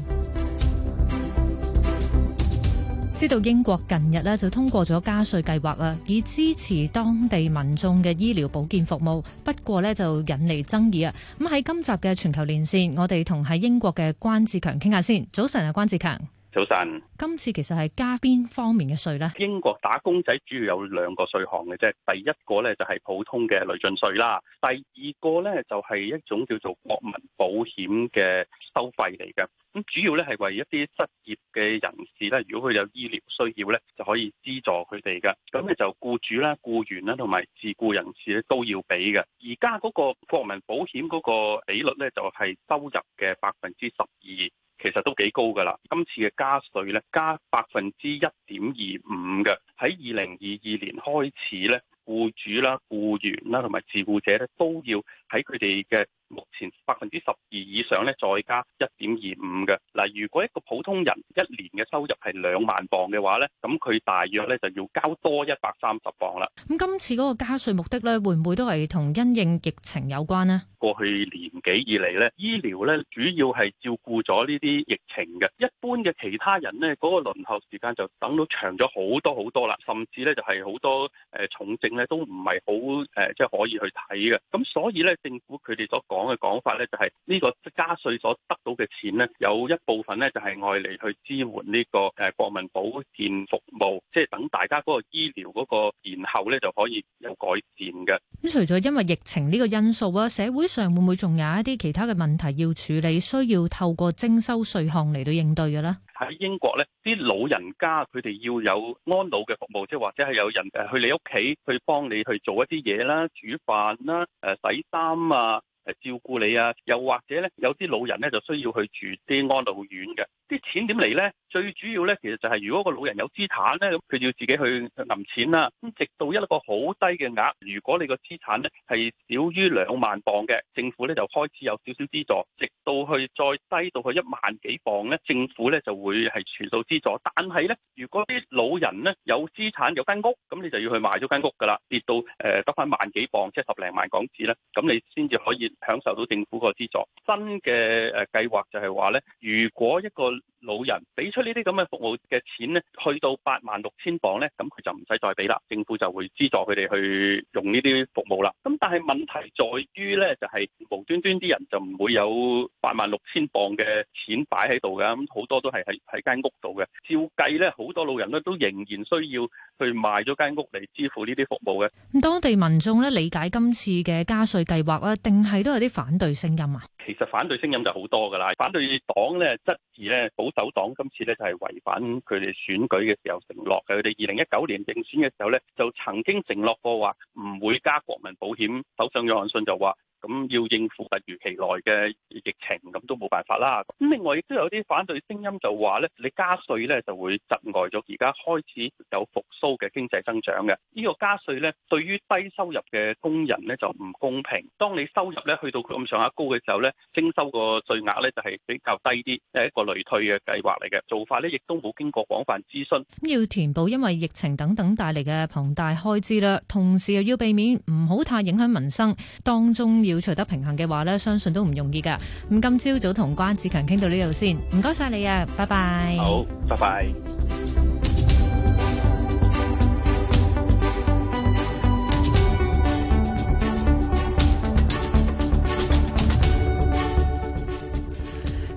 知道英國近日呢就通過咗加稅計劃，以支持當地民眾嘅醫療保健服務。不過呢，就引嚟爭議啊。咁喺今集嘅全球連線，我哋同喺英國嘅關志強傾下先。早晨啊，關志強。早晨，今次其實係加邊方面嘅稅呢？英國打工仔主要有兩個稅項嘅啫，第一個咧就係普通嘅累進稅啦，第二個咧就係一種叫做國民保險嘅收費嚟嘅。咁主要咧係為一啲失業嘅人士咧，如果佢有醫療需要咧，就可以資助佢哋嘅。咁咧、嗯、就僱主啦、僱員啦同埋自僱人士咧都要俾嘅。而家嗰個國民保險嗰個比率咧就係收入嘅百分之十二。其實都幾高㗎啦！今次嘅加稅咧，加百分之一點二五嘅，喺二零二二年開始咧，僱主啦、僱員啦同埋自僱者咧，都要喺佢哋嘅。目前百分之十二以上咧，再加一點二五嘅嗱。如果一個普通人一年嘅收入係兩萬磅嘅話咧，咁佢大約咧就要交多一百三十磅啦。咁今次嗰個加稅目的咧，會唔會都係同因應疫情有關呢？過去年幾以嚟咧，醫療咧主要係照顧咗呢啲疫情嘅，一般嘅其他人咧嗰個輪候時間就等到長咗好多好多啦，甚至咧就係好多誒重症咧都唔係好誒，即係可以去睇嘅。咁所以咧，政府佢哋所講。講嘅講法咧，就係呢個加稅所得到嘅錢咧，有一部分咧就係外嚟，去支援呢個誒國民保健服務，即係等大家嗰個醫療嗰個然後咧就可以有改善嘅。咁除咗因為疫情呢個因素啊，社會上會唔會仲有一啲其他嘅問題要處理，需要透過徵收稅項嚟到應對嘅咧？喺英國咧，啲老人家佢哋要有安老嘅服務，即係或者係有人誒去你屋企去幫你去做一啲嘢啦，煮飯啦，誒洗衫啊。照顧你啊，又或者咧，有啲老人咧就需要去住啲安老院嘅。啲錢點嚟呢？最主要呢，其實就係如果個老人有資產呢，佢要自己去攬錢啦。咁直到一個好低嘅額，如果你個資產呢係少於兩萬磅嘅，政府呢就開始有少少資助。直到去再低到去一萬幾磅呢，政府呢就會係全數資助。但係呢，如果啲老人呢有資產有間屋，咁你就要去賣咗間屋㗎啦。跌到、呃、得翻萬幾磅，即係十零萬港紙呢。咁你先至可以享受到政府個資助。新嘅計劃就係話呢，如果一個老人俾出呢啲咁嘅服務嘅錢咧，去到八萬六千鎊咧，咁佢就唔使再俾啦，政府就會資助佢哋去用呢啲服務啦。咁但係問題在於咧、就是，就係無端端啲人就唔會有八萬六千鎊嘅錢擺喺度㗎。咁好多都係喺喺間屋度嘅。照計咧，好多老人咧都仍然需要去賣咗間屋嚟支付呢啲服務嘅。咁當地民眾咧理解今次嘅加稅計劃啊，定係都有啲反對聲音啊？其實反對聲音就好多㗎啦，反對黨咧質疑咧保守黨今次咧就係、是、違反佢哋選舉嘅時候承諾嘅，佢哋二零一九年競選嘅時候咧就曾經承諾過話唔會加國民保險，首相約翰遜就話。咁要應付突如其來嘅疫情，咁都冇辦法啦。咁另外亦都有啲反對聲音，就話咧，你加稅咧就會窒礙咗而家開始有復蘇嘅經濟增長嘅。呢個加稅咧，對於低收入嘅工人咧就唔公平。當你收入咧去到佢咁上下高嘅時候咧，徵收個稅額咧就係比較低啲，係一個累退嘅計劃嚟嘅做法咧，亦都冇經過廣泛諮詢，要填補因為疫情等等帶嚟嘅龐大開支啦，同時又要避免唔好太影響民生，當中要。要取得平衡嘅話咧，相信都唔容易噶。咁今朝早同關志強傾到呢度先，唔該晒你啊，拜拜。好，拜拜。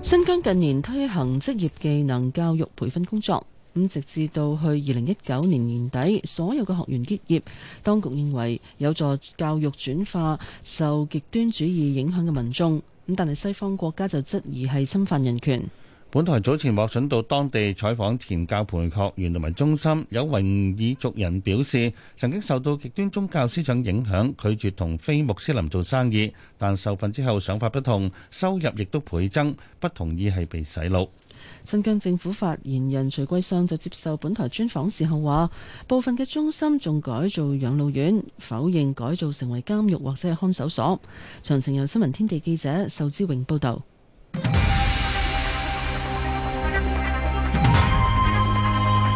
新疆近年推行職業技能教育培訓工作。咁直至到去二零一九年年底，所有嘅學員結業，當局認為有助教育轉化受極端主義影響嘅民眾。咁但係西方國家就質疑係侵犯人權。本台早前獲准到當地採訪前教培學員同埋中心，有維吾爾族人表示，曾經受到極端宗教思想影響，拒絕同非穆斯林做生意，但受訓之後想法不同，收入亦都倍增，不同意係被洗腦。新疆政府發言人徐桂湘就接受本台專訪時候話，部分嘅中心仲改造養老院，否認改造成為監獄或者係看守所。詳情由新聞天地記者壽之榮報道。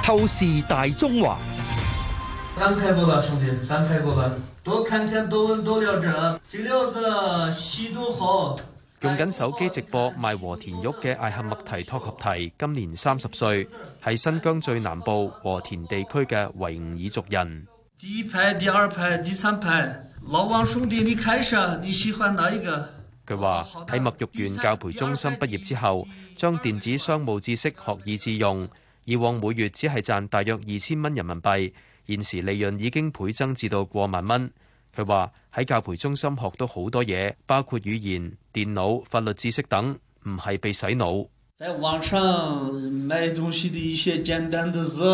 透視大中華。 用緊手機直播賣和田玉嘅艾克麥提托合提，今年三十歲，係新疆最南部和田地區嘅維吾爾族人。第一排、第二排、第三排，老王兄弟，你開始啊！你喜歡哪一個？佢話喺墨玉縣教培中心畢業之後，將電子商務知識學以致用。以往每月只係賺大約二千蚊人民幣，現時利潤已經倍增至到過萬蚊。佢話。喺教培中心學到好多嘢，包括語言、電腦、法律知識等，唔係被洗腦。在網上賣東西的一些簡單的字，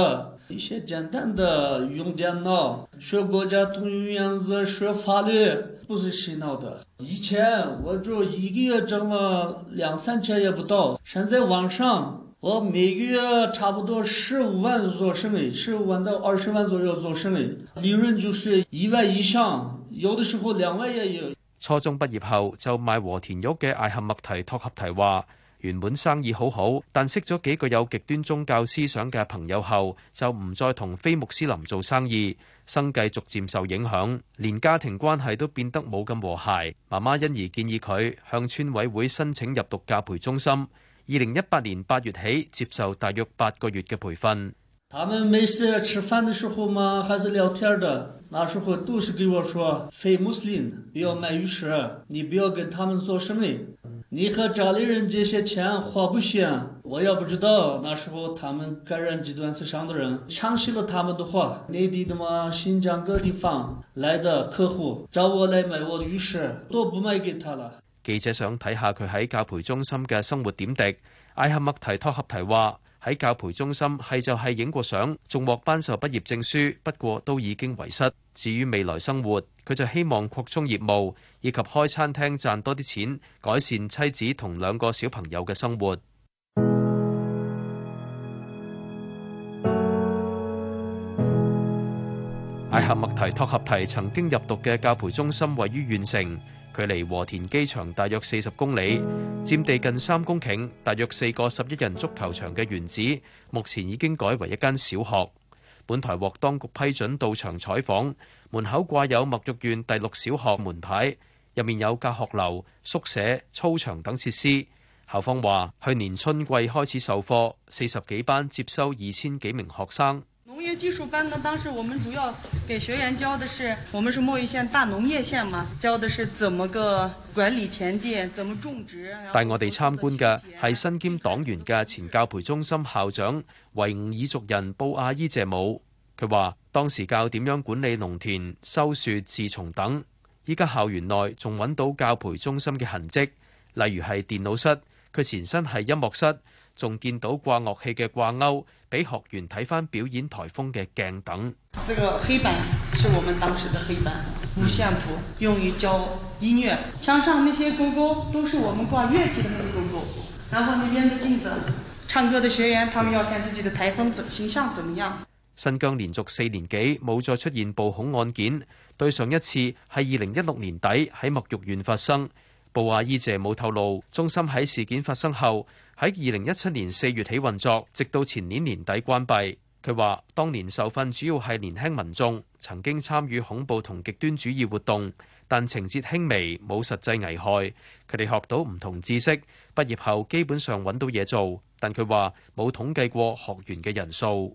一些簡單的用電腦學國家通用語言，學法律，不是洗腦的。以前我就一個月掙了兩三千也不到，現在網上我每個月差不多十五萬做生意，十五萬到二十萬左右做生意，利潤就是一萬以上。有的時候兩有初中畢業後就賣和田玉嘅艾合麥提托合提話，原本生意好好，但識咗幾個有極端宗教思想嘅朋友後，就唔再同非穆斯林做生意，生計逐漸受影響，連家庭關係都變得冇咁和諧。媽媽因而建議佢向村委會申請入讀教培中心。二零一八年八月起，接受大約八個月嘅培訓。他們沒事吃飯的時候嘛，還是聊天的。那時候都是給我說非穆斯林，不要買玉石，你不要跟他們做生意，你和家裡人這些錢花不行。我也不知道那時候他們感染極端思想的人，相信了他們的話。內地的嘛，新疆各地方來的客戶找我來買我的玉石，都不賣給他了。記者想睇下佢喺教培中心嘅生活點滴，艾哈麥提托合提話。喺教培中心是是，係就係影過相，仲獲頒授畢業證書，不過都已經遺失。至於未來生活，佢就希望擴充業務以及開餐廳，賺多啲錢，改善妻子同兩個小朋友嘅生活。艾克麥提托合提曾經入讀嘅教培中心位於，位於縣城。距離和田機場大約四十公里，佔地近三公頃，大約四個十一人足球場嘅原址，目前已經改為一間小學。本台獲當局批准到場採訪，門口掛有墨玉縣第六小學門牌，入面有教學樓、宿舍、操場等設施。校方話，去年春季開始授課，四十幾班接收二千幾名學生。農業技術班呢？當時我們主要給學員教的是，我們是墨玉縣大農業縣嘛，教的是怎麼個管理田地，怎麼種植。帶我哋參觀嘅係身兼黨員嘅前教培中心校長維吾爾族人布阿伊謝姆。佢話當時教點樣管理農田、收樹治蟲等。依家校園內仲搵到教培中心嘅痕跡，例如係電腦室，佢前身係音樂室，仲見到掛樂器嘅掛鈎。俾學員睇返表演台風嘅鏡等。這個黑板是我們當時的黑板，五線譜用於教音樂。牆上那些勾勾都是我們掛樂器的那個勾勾。然後那邊的鏡子，唱歌的學員，他們要看自己的台風怎樣、形象怎樣。新疆連續四年幾冇再出現暴恐案件，對上一次係二零一六年底喺墨玉縣發生。布阿姨姐冇透露，中心喺事件發生後，喺二零一七年四月起運作，直到前年年底關閉。佢話：當年受訓主要係年輕民眾，曾經參與恐怖同極端主義活動，但情節輕微，冇實際危害。佢哋學到唔同知識，畢業後基本上揾到嘢做。但佢話冇統計過學員嘅人數。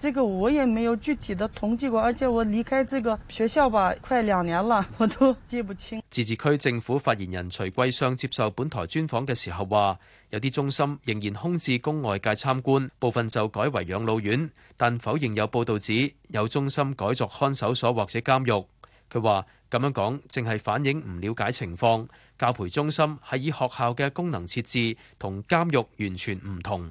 這個我也沒有具體的統計過，而且我離開這個學校吧，快兩年了，我都記不清。自治區政府發言人徐桂湘接受本台專訪嘅時候話，有啲中心仍然空置供外界參觀，部分就改為養老院，但否認有報道指有中心改作看守所或者監獄。佢話咁樣講淨係反映唔了解情況，教培中心係以學校嘅功能設置同監獄完全唔同。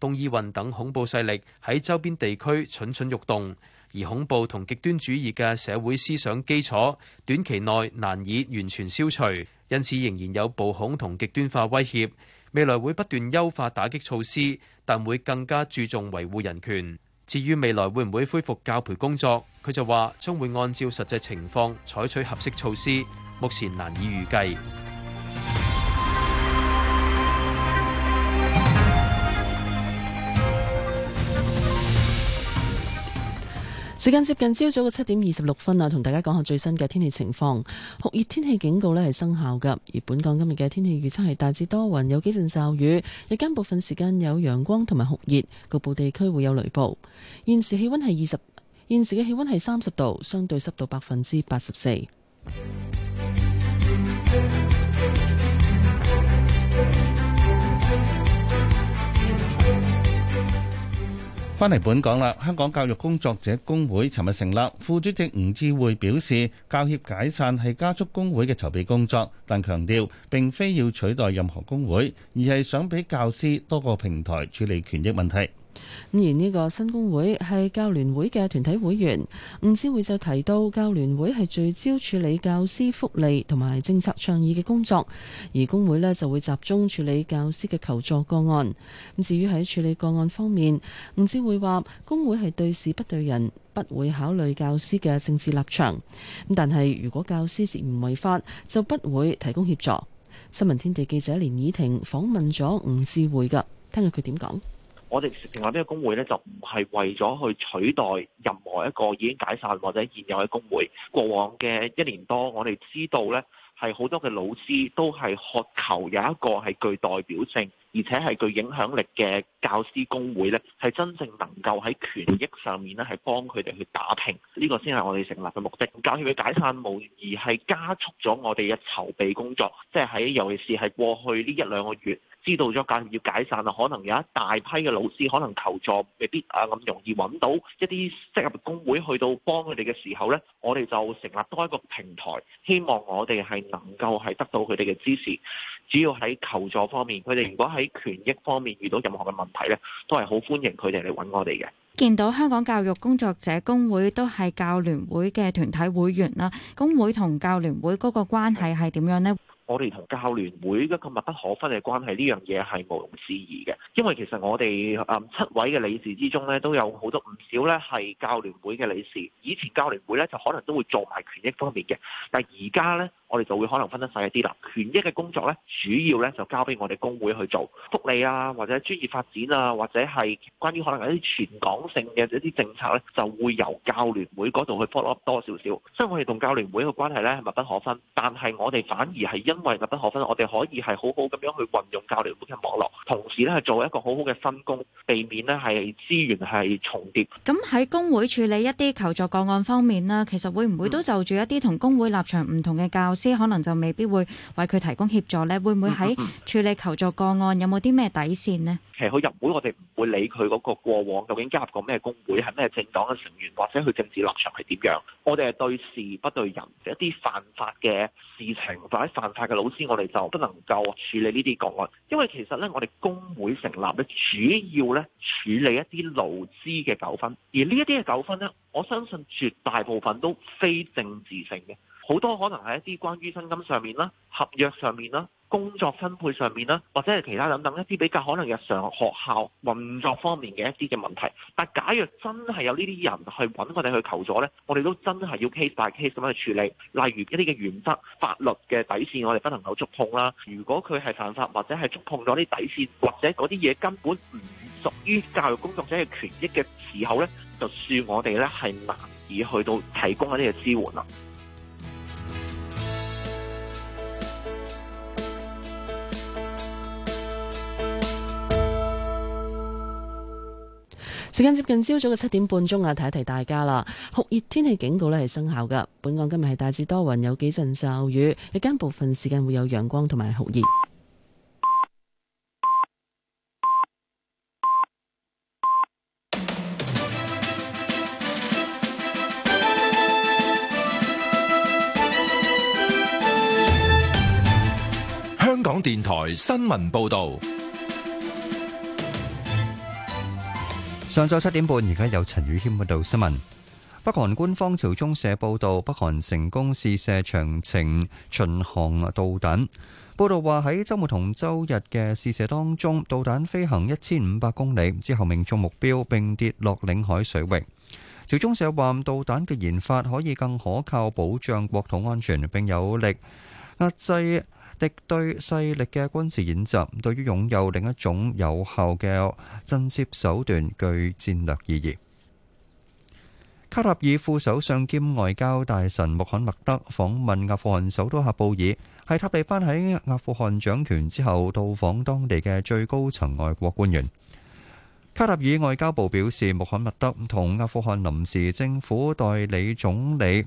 東伊運等恐怖勢力喺周邊地區蠢蠢欲動，而恐怖同極端主義嘅社會思想基礎，短期內難以完全消除，因此仍然有暴恐同極端化威脅。未來會不斷優化打擊措施，但會更加注重維護人權。至於未來會唔會恢復教培工作，佢就話將會按照實際情況採取合適措施，目前難以預計。時間接近朝早嘅七點二十六分啦，同大家講下最新嘅天氣情況。酷熱天氣警告呢係生效㗎，而本港今日嘅天氣預測係大致多雲，有幾陣驟雨。日間部分時間有陽光同埋酷熱，局部地區會有雷暴。現時氣溫係二十，現時嘅氣溫係三十度，相對濕度百分之八十四。嗯嗯嗯翻嚟本港啦，香港教育工作者工會尋日成立，副主席吳志慧表示，教協解散係加速工會嘅籌備工作，但強調並非要取代任何工會，而係想俾教師多個平台處理權益問題。咁而呢個新工會係教聯會嘅團體會員，吳志會就提到，教聯會係聚焦處理教師福利同埋政策倡議嘅工作，而工會呢就會集中處理教師嘅求助個案。咁至於喺處理個案方面，吳志會話工會係對事不對人，不會考慮教師嘅政治立場。咁但係如果教師涉嫌違法，就不會提供協助。新聞天地記者連以婷訪問咗吳志會，噶聽下佢點講。我哋成立呢個工會呢，就唔係為咗去取代任何一個已經解散或者現有嘅工會。過往嘅一年多，我哋知道呢，係好多嘅老師都係渴求有一個係具代表性，而且係具影響力嘅教師工會呢，係真正能夠喺權益上面呢，係幫佢哋去打拼。呢個先係我哋成立嘅目的。教協嘅解散，無疑係加速咗我哋嘅籌備工作，即係喺尤其是係過去呢一兩個月。知道咗教育要解散啦，可能有一大批嘅老師可能求助，未必啊咁容易揾到一啲適合工會去到幫佢哋嘅時候呢，我哋就成立多一個平台，希望我哋係能夠係得到佢哋嘅支持。主要喺求助方面，佢哋如果喺權益方面遇到任何嘅問題呢，都係好歡迎佢哋嚟揾我哋嘅。見到香港教育工作者工會都係教聯會嘅團體會員啦，工會同教聯會嗰個關係係點樣呢？我哋同教聯會一個密不可分嘅關係，呢樣嘢係毋庸置疑嘅。因為其實我哋誒七位嘅理事之中咧都有好多唔少咧係教聯會嘅理事。以前教聯會呢，就可能都會做埋權益方面嘅，但係而家呢，我哋就會可能分得細一啲啦。權益嘅工作呢，主要呢就交俾我哋工會去做福利啊，或者專業發展啊，或者係關於可能一啲全港性嘅一啲政策呢，就會由教聯會嗰度去 follow up 多少少。所以我哋同教聯會嘅關係呢，係密不可分，但係我哋反而係因因為密不可分，我哋可以係好好咁樣去運用教聯會嘅網絡，同時咧係做一個很好好嘅分工，避免呢係資源係重疊。咁喺工會處理一啲求助個案方面咧，其實會唔會都就住一啲同工會立場唔同嘅教師，可能就未必會為佢提供協助呢？會唔會喺處理求助個案有冇啲咩底線呢？其實佢入會我哋唔會理佢嗰個過往究竟加入過咩工會，係咩政黨嘅成員，或者佢政治立場係點樣。我哋係對事不對人，一啲犯法嘅事情或者犯法。嘅老師，我哋就不能夠處理呢啲個案，因為其實呢，我哋工會成立咧，主要咧處理一啲勞資嘅糾紛，而呢一啲嘅糾紛呢，我相信絕大部分都非政治性嘅，好多可能係一啲關於薪金上面啦、合約上面啦，工作分配上面啦，或者係其他等等一啲比較可能日常學，學校運作方面嘅一啲嘅問題。但假若真係有呢啲人去揾我哋去求助咧，我哋都真係要 case by case 咁樣去處理。例如一啲嘅原則、法律嘅底線，我哋不能夠觸碰啦。如果佢係犯法或者係觸碰咗啲底線，或者嗰啲嘢根本唔屬於教育工作者嘅權益嘅時候咧，就算我哋咧係難以去到提供一啲嘅支援啦。時間接近朝早嘅七點半鐘啊，提一提大家啦。酷熱天氣警告呢係生效㗎。本港今日係大致多雲，有幾陣驟雨，日間部分時間會有陽光同埋酷熱。香港電台新聞報道。上晝七點半，而家有陳宇軒報導新聞。北韓官方朝中社報道，北韓成功試射長程巡航導彈。報道話，喺週末同週日嘅試射當中，導彈飛行一千五百公里之後命中目標，並跌落領海水域。朝中社話，導彈嘅研發可以更可靠保障國土安全，並有力壓制。敵對勢力嘅軍事演習，對於擁有另一種有效嘅震懾手段，具戰略意義。卡塔爾副首相兼外交大臣穆罕默德訪問阿富汗首都喀布爾，係塔利班喺阿富汗掌權之後到訪當地嘅最高層外國官員。卡塔爾外交部表示，穆罕默德同阿富汗臨時政府代理總理。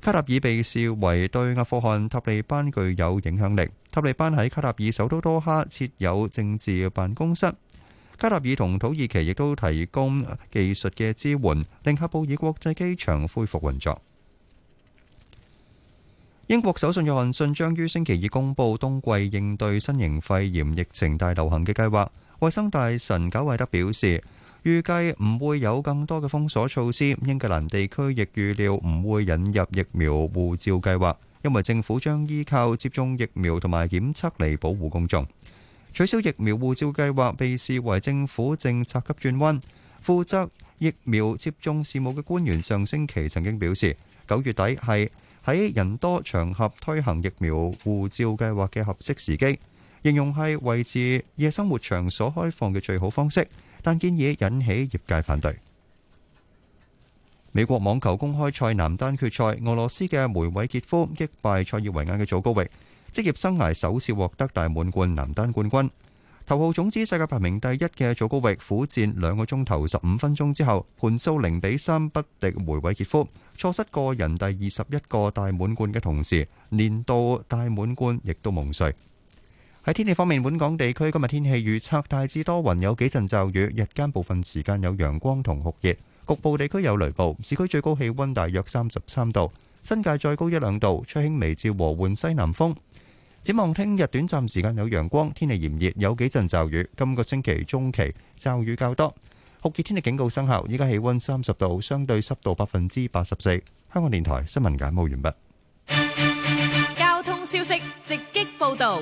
卡塔爾被視為對阿富汗塔利班具有影響力，塔利班喺卡塔爾首都多哈設有政治辦公室。卡塔爾同土耳其亦都提供技術嘅支援，令喀布爾國際機場恢復運作。英國首相約翰遜將於星期二公布冬季應對新型肺炎疫情大流行嘅計劃。衛生大臣賈維德表示，預計唔會有更多嘅封鎖措施。英格蘭地區亦預料唔會引入疫苗護照計劃，因為政府將依靠接種疫苗同埋檢測嚟保護公眾。取消疫苗護照計劃被視為政府政策急轉彎。負責疫苗接種事務嘅官員上星期曾經表示，九月底係喺人多場合推行疫苗護照計劃嘅合適時機，形容係維持夜生活場所開放嘅最好方式。但建議引起業界反對。美國網球公開賽男單決賽，俄羅斯嘅梅偉傑夫擊敗塞爾維亞嘅祖高域，職業生涯首次獲得大滿貫男單冠軍。頭號種子世界排名第一嘅祖高域苦戰兩個鐘頭十五分鐘之後，盤數零比三不敵梅偉傑夫，錯失個人第二十一個大滿貫嘅同時，年度大滿貫亦都夢碎。喺天氣方面，本港地區今日天氣預測大致多雲，有幾陣驟雨，日間部分時間有陽光同酷熱，局部地區有雷暴。市區最高氣溫大約三十三度，新界再高一兩度，吹輕微至和緩西南風。展望聽日短暫時間有陽光，天氣炎熱，有幾陣驟雨。今個星期中期驟雨較多，酷熱天氣警告生效。依家氣溫三十度，相對濕度百分之八十四。香港電台新聞簡報完畢。交通消息直擊報道。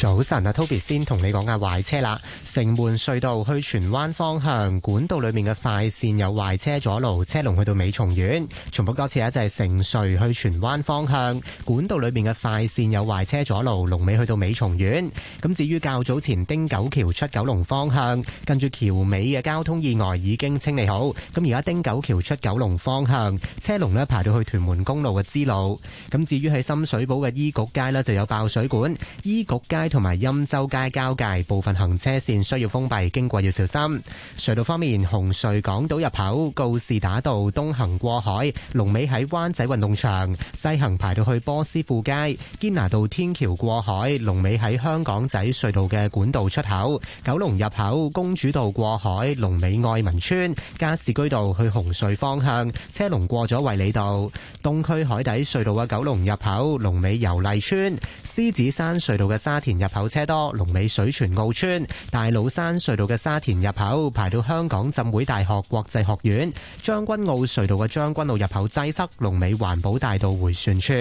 早晨啊，Toby 先同你講下壞車啦。城門隧道去荃灣方向管道裏面嘅快線有壞車阻路，車龍去到美松苑。重複多次啊，就係城隧去荃灣方向管道裏面嘅快線有壞車阻路，龍尾去到美松苑。咁至於較早前汀九橋出九龍方向，跟住橋尾嘅交通意外已經清理好。咁而家汀九橋出九龍方向車龍呢排到去屯門公路嘅支路。咁至於喺深水埗嘅醫局街呢就有爆水管，醫局街，同埋欽州街交界部分行車線需要封閉，經過要小心。隧道方面，紅隧港島入口告士打道東行過海，龍尾喺灣仔運動場；西行排到去波斯富街。堅拿道天橋過海，龍尾喺香港仔隧道嘅管道出口。九龍入口公主道過海，龍尾愛民邨。加士居道去紅隧方向，車龍過咗衛理道。東區海底隧道嘅九龍入口，龍尾油麗邨。獅子山隧道嘅沙田。入口車多，龍尾水泉澳村。大老山隧道嘅沙田入口排到香港浸會大學國際學院。將軍澳隧道嘅將軍澳入口擠塞，龍尾環保大道迴旋處。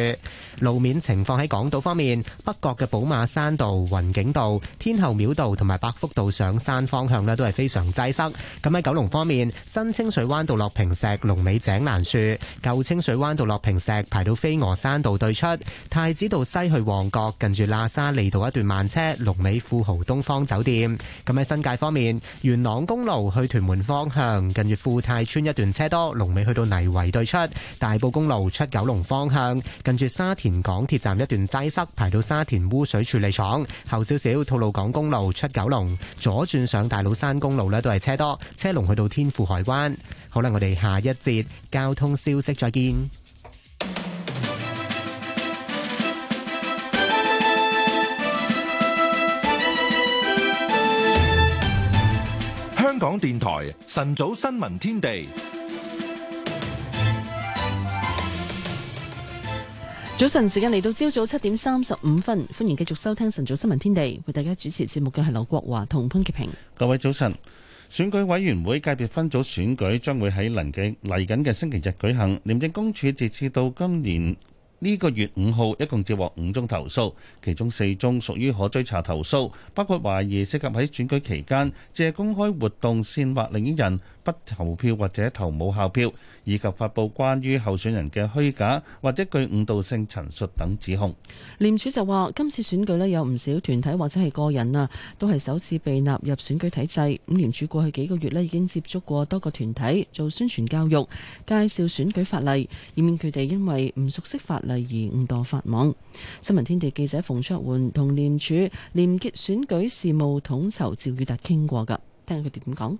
路面情況，喺港島方面，北角嘅寶馬山道、雲景道、天后廟道同埋百福道上山方向都係非常擠塞。咁喺九龍方面，新清水灣道落平石、龍尾井欄樹，舊清水灣道落平石排到飛鵝山道對出，太子道西去旺角近住喇沙利道一段。慢車，龍尾富豪東方酒店。咁喺新界方面，元朗公路去屯門方向，近住富泰村一段車多，龍尾去到泥圍對出。大埔公路出九龍方向，近住沙田港鐵站一段擠塞，排到沙田污水處理廠後少少。吐露港公路出九龍，左轉上大老山公路呢都係車多，車龍去到天富海灣。好啦，我哋下一節交通消息再見。港電台晨早新聞天地，早晨時間嚟到，朝早七點三十五分，歡迎繼續收聽晨早新聞天地，為大家主持節目嘅係劉國華同潘潔平。各位早晨，選舉委員會界別分組選舉將會喺臨近嚟緊嘅星期日舉行，廉政公署截至到今年。呢個月五號，一共接獲五宗投訴，其中四宗屬於可追查投訴，包括懷疑涉及喺選舉期間借公開活動煽惑另一人，投票或者投冇效票，以及發佈關於候選人嘅虛假或者具誤導性陳述等指控。廉署就話今次選舉呢有唔少團體或者係個人啊，都係首次被納入選舉體制。咁廉署過去幾個月呢已經接觸過多個團體做宣傳教育、介紹選舉法例，以免佢哋因為唔熟悉法例而誤墮法網，新聞天地記者馮卓煥同廉署廉潔選舉事務統籌趙宇達傾過㗎，聽下佢哋點講。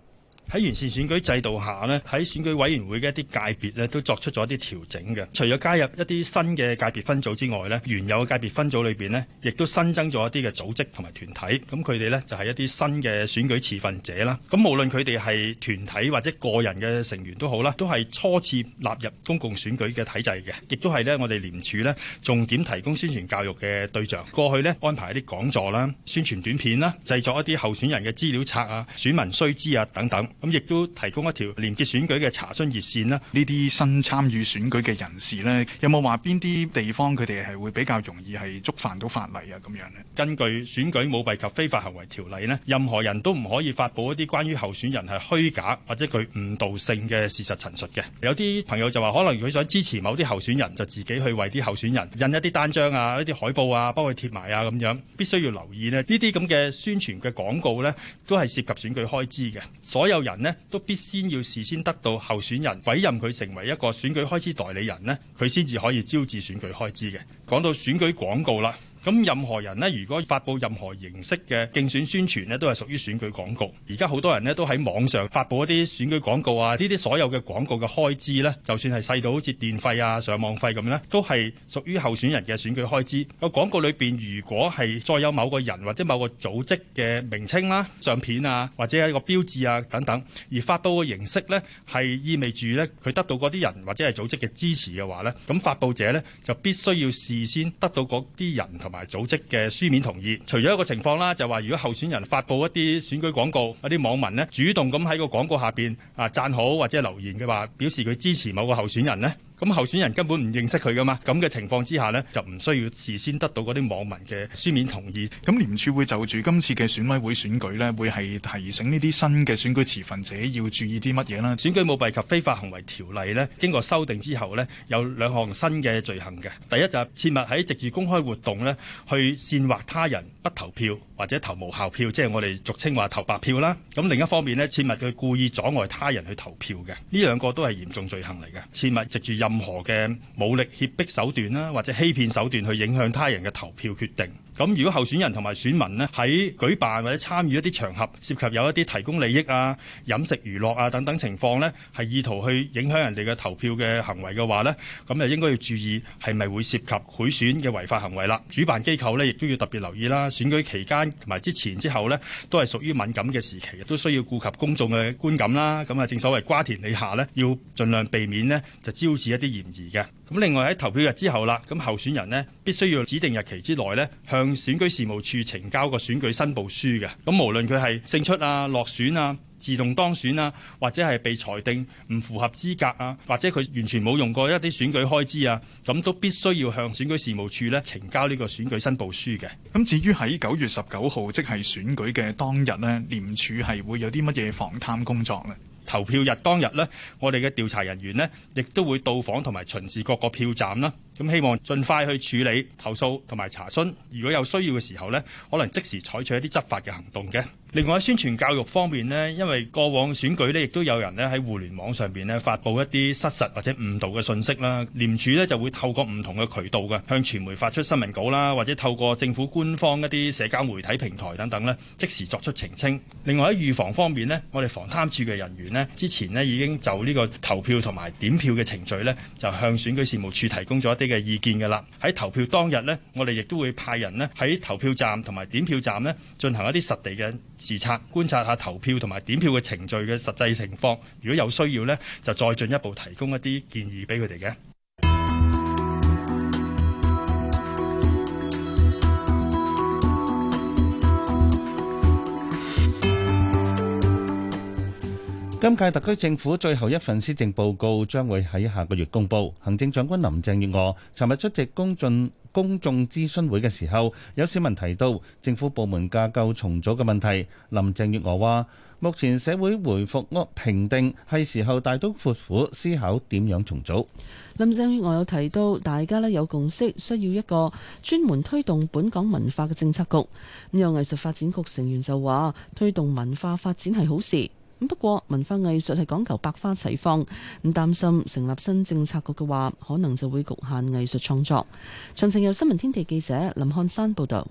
喺完善選舉制度下呢，喺選舉委員會嘅一啲界別呢，都作出咗一啲調整嘅。除咗加入一啲新嘅界別分組之外呢，原有嘅界別分組裏面呢，亦都新增咗一啲嘅組織同埋團體。咁佢哋呢就係一啲新嘅選舉持份者啦。咁無論佢哋係團體或者個人嘅成員都好啦，都係初次納入公共選舉嘅體制嘅，亦都係呢我哋廉署呢重點提供宣傳教育嘅對象。過去呢安排一啲講座啦、宣傳短片啦、製作一啲候選人嘅資料冊啊、選民須知啊等等。咁亦都提供一條連接選舉嘅查詢熱線啦。呢啲新參與選舉嘅人士咧，有冇話邊啲地方佢哋係會比較容易係觸犯到法例啊？咁樣咧？根據《選舉舞弊及非法行為條例》咧，任何人都唔可以發佈一啲關於候選人係虛假或者佢誤導性嘅事實陳述嘅。有啲朋友就話，可能佢想支持某啲候選人，就自己去為啲候選人印一啲單張啊、一啲海報啊，幫佢貼埋啊咁樣。必須要留意咧，這這呢啲咁嘅宣傳嘅廣告咧，都係涉及選舉開支嘅。所有人呢都必先要事先得到候選人委任佢成為一個選舉開支代理人呢，佢先至可以招致選舉開支嘅。講到選舉廣告啦。咁任何人咧，如果發佈任何形式嘅競選宣傳咧，都係屬於選舉廣告。而家好多人咧都喺網上發佈一啲選舉廣告啊，呢啲所有嘅廣告嘅開支咧，就算係細到好似電費啊、上網費咁咧，都係屬於候選人嘅選舉開支。個廣告裏邊如果係再有某個人或者某個組織嘅名稱啦、相片啊，或者一個標誌啊等等，而發佈嘅形式咧係意味住咧佢得到嗰啲人或者係組織嘅支持嘅話咧，咁發佈者咧就必須要事先得到嗰啲人同埋。組織嘅書面同意，除咗一個情況啦，就話如果候選人發布一啲選舉廣告，一啲網民咧主動咁喺個廣告下邊啊讚好或者留言嘅話，表示佢支持某個候選人咧。咁候選人根本唔認識佢㗎嘛？咁嘅情況之下呢，就唔需要事先得到嗰啲網民嘅書面同意。咁廉署會就住今次嘅選委會選舉呢，會係提醒呢啲新嘅選舉持份者要注意啲乜嘢啦？選舉舞弊及非法行為條例呢，經過修訂之後呢，有兩項新嘅罪行嘅。第一就係切勿喺直接公開活動呢，去煽惑他人不投票。或者投無效票，即係我哋俗稱話投白票啦。咁另一方面呢，切勿去故意阻礙他人去投票嘅。呢兩個都係嚴重罪行嚟嘅。切勿藉住任何嘅武力脅迫手段啦，或者欺騙手段去影響他人嘅投票決定。咁如果候選人同埋選民呢，喺舉辦或者參與一啲場合涉及有一啲提供利益啊、飲食娛樂啊等等情況呢，係意圖去影響人哋嘅投票嘅行為嘅話呢，咁就應該要注意係咪會涉及賄選嘅違法行為啦。主辦機構呢，亦都要特別留意啦。選舉期間同埋之前之後呢，都係屬於敏感嘅時期，都需要顧及公眾嘅觀感啦。咁啊，正所謂瓜田李下呢，要盡量避免呢，就招致一啲嫌疑嘅。咁另外喺投票日之後啦，咁候選人呢必須要指定日期之內呢向選舉事務處呈交個選舉申報書嘅。咁無論佢係勝出啊、落選啊、自動當選啊，或者係被裁定唔符合資格啊，或者佢完全冇用過一啲選舉開支啊，咁都必須要向選舉事務處呢呈交呢個選舉申報書嘅。咁至於喺九月十九號，即係選舉嘅當日呢，廉署係會有啲乜嘢防貪工作呢？投票日當日呢，我哋嘅調查人員呢，亦都會到訪同埋巡視各個票站啦。咁希望盡快去處理投訴同埋查詢，如果有需要嘅時候呢，可能即時採取一啲執法嘅行動嘅。另外喺宣傳教育方面呢，因為過往選舉呢亦都有人呢喺互聯網上邊呢發佈一啲失實或者誤導嘅信息啦，廉署呢就會透過唔同嘅渠道嘅向傳媒發出新聞稿啦，或者透過政府官方一啲社交媒體平台等等呢即時作出澄清。另外喺預防方面呢，我哋防貪處嘅人員呢，之前呢已經就呢個投票同埋點票嘅程序呢，就向選舉事務處提供咗一啲。嘅意見㗎啦，喺投票當日呢，我哋亦都會派人呢喺投票站同埋點票站呢進行一啲實地嘅視察，觀察下投票同埋點票嘅程序嘅實際情況。如果有需要呢，就再進一步提供一啲建議俾佢哋嘅。今屆特區政府最後一份施政報告將會喺下個月公布。行政長官林鄭月娥尋日出席公眾公眾諮詢會嘅時候，有市民提到政府部門架構重組嘅問題。林鄭月娥話：目前社會回復屋平定，係時候大刀闊斧思考點樣重組。林鄭月娥又提到大家呢有共識，需要一個專門推動本港文化嘅政策局。咁有藝術發展局成員就話：推動文化發展係好事。不過，文化藝術係講求百花齊放，咁擔心成立新政策局嘅話，可能就會局限藝術創作。詳情由新聞天地記者林漢山報導。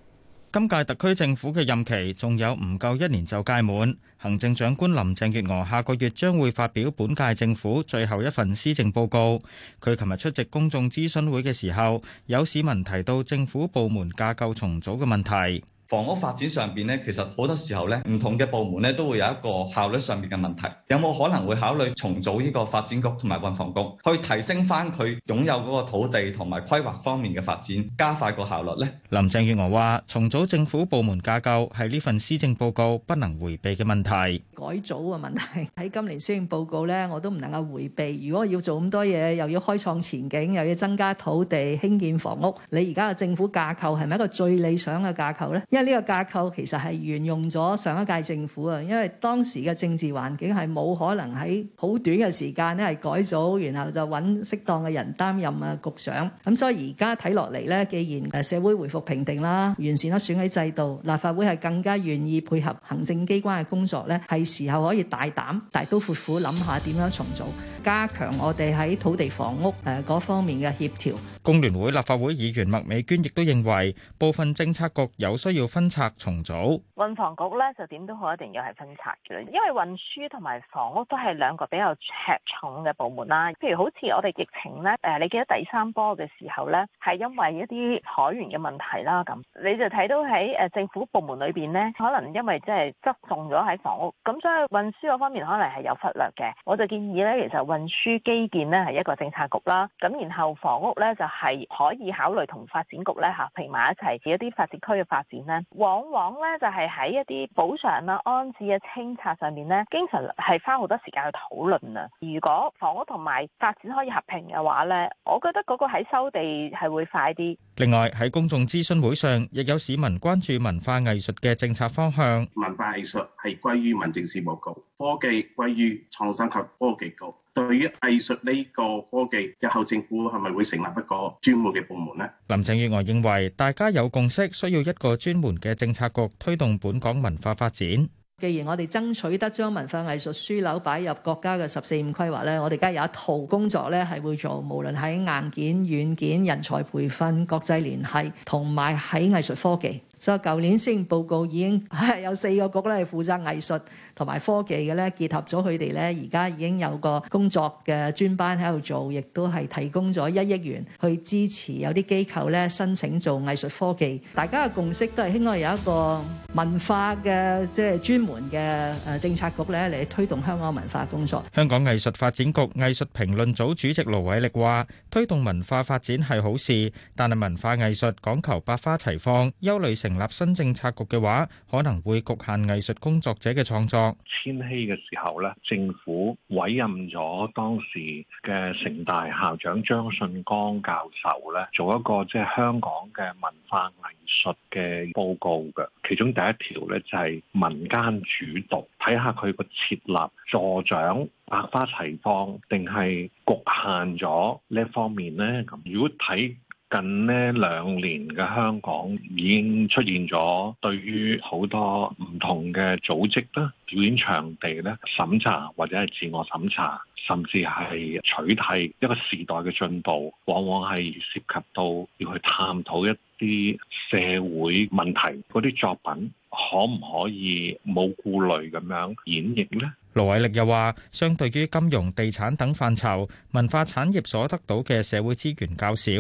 今屆特區政府嘅任期仲有唔夠一年就屆滿，行政長官林鄭月娥下個月將會發表本屆政府最後一份施政報告。佢琴日出席公眾諮詢會嘅時候，有市民提到政府部門架構重組嘅問題。房屋發展上面咧，其實好多時候咧，唔同嘅部門咧都會有一個效率上面嘅問題。有冇可能會考慮重組呢個發展局同埋運房局，去提升翻佢擁有嗰個土地同埋規劃方面嘅發展，加快個效率呢？林鄭月娥話：重組政府部門架構係呢份施政報告不能迴避嘅問題，改組嘅問題喺今年施政報告咧，我都唔能夠迴避。如果要做咁多嘢，又要開創前景，又要增加土地，興建房屋，你而家嘅政府架構係咪一個最理想嘅架構呢？呢個架構其實係沿用咗上一屆政府啊，因為當時嘅政治環境係冇可能喺好短嘅時間係改組，然後就揾適當嘅人擔任啊局長。咁所以而家睇落嚟咧，既然誒社會回復平定啦，完善咗選舉制度，立法會係更加願意配合行政機關嘅工作咧，係時候可以大膽、大刀闊斧諗下點樣重組。加強我哋喺土地房屋誒嗰方面嘅協調。工聯會立法會議員麥美娟亦都認為，部分政策局有需要分拆重組。運房局咧就點都好一定要係分拆嘅，因為運輸同埋房屋都係兩個比較吃重嘅部門啦。譬如好似我哋疫情咧誒，你記得第三波嘅時候咧，係因為一啲海員嘅問題啦咁，你就睇到喺誒政府部門裏邊咧，可能因為即係側重咗喺房屋，咁所以運輸嗰方面可能係有忽略嘅。我就建議咧，其實運運輸基建咧係一個政策局啦，咁然後房屋咧就係可以考慮同發展局咧合併埋一齊，一啲發展區嘅發展咧，往往咧就係喺一啲補償啦、安置啊、清拆上面咧，經常係花好多時間去討論啊。如果房屋同埋發展可以合併嘅話咧，我覺得嗰個喺收地係會快啲。另外喺公眾諮詢會上，亦有市民關注文化藝術嘅政策方向。文化藝術係歸於民政事務局，科技歸於創新及科技局。對於藝術呢個科技，日後政府係咪會成立一個專門嘅部門呢？林鄭月娥認為大家有共識，需要一個專門嘅政策局推動本港文化發展。既然我哋爭取得將文化藝術樞紐擺入國家嘅十四五規劃咧，我哋而家有一套工作咧係會做，無論喺硬件、軟件、人才培訓、國際聯繫，同埋喺藝術科技。就舊年施政報告已經有四個局咧係負責藝術。同埋科技嘅咧，結合咗佢哋咧，而家已經有個工作嘅專班喺度做，亦都係提供咗一億元去支持有啲機構咧申請做藝術科技。大家嘅共識都係希望有一個文化嘅即係專門嘅誒政策局咧嚟推動香港文化工作。香港藝術發展局藝術評論組主席盧偉力話，推動文化發展係好事，但係文化藝術講求百花齊放，憂慮成立新政策局嘅話，可能會侷限藝術工作者嘅創作。千禧嘅時候咧，政府委任咗當時嘅城大校長張信光教授咧，做一個即係香港嘅文化藝術嘅報告嘅。其中第一條咧就係民間主導，睇下佢個設立助長百花齊放，定係局限咗呢一方面咧？咁如果睇。近呢兩年嘅香港已經出現咗，對於好多唔同嘅組織啦、表演場地咧審查，或者係自我審查，甚至係取締。一個時代嘅進步，往往係涉及到要去探討一啲社會問題，嗰啲作品可唔可以冇顧慮咁樣演繹呢？盧偉力又話，相對於金融、地產等範疇，文化產業所得到嘅社會資源較少，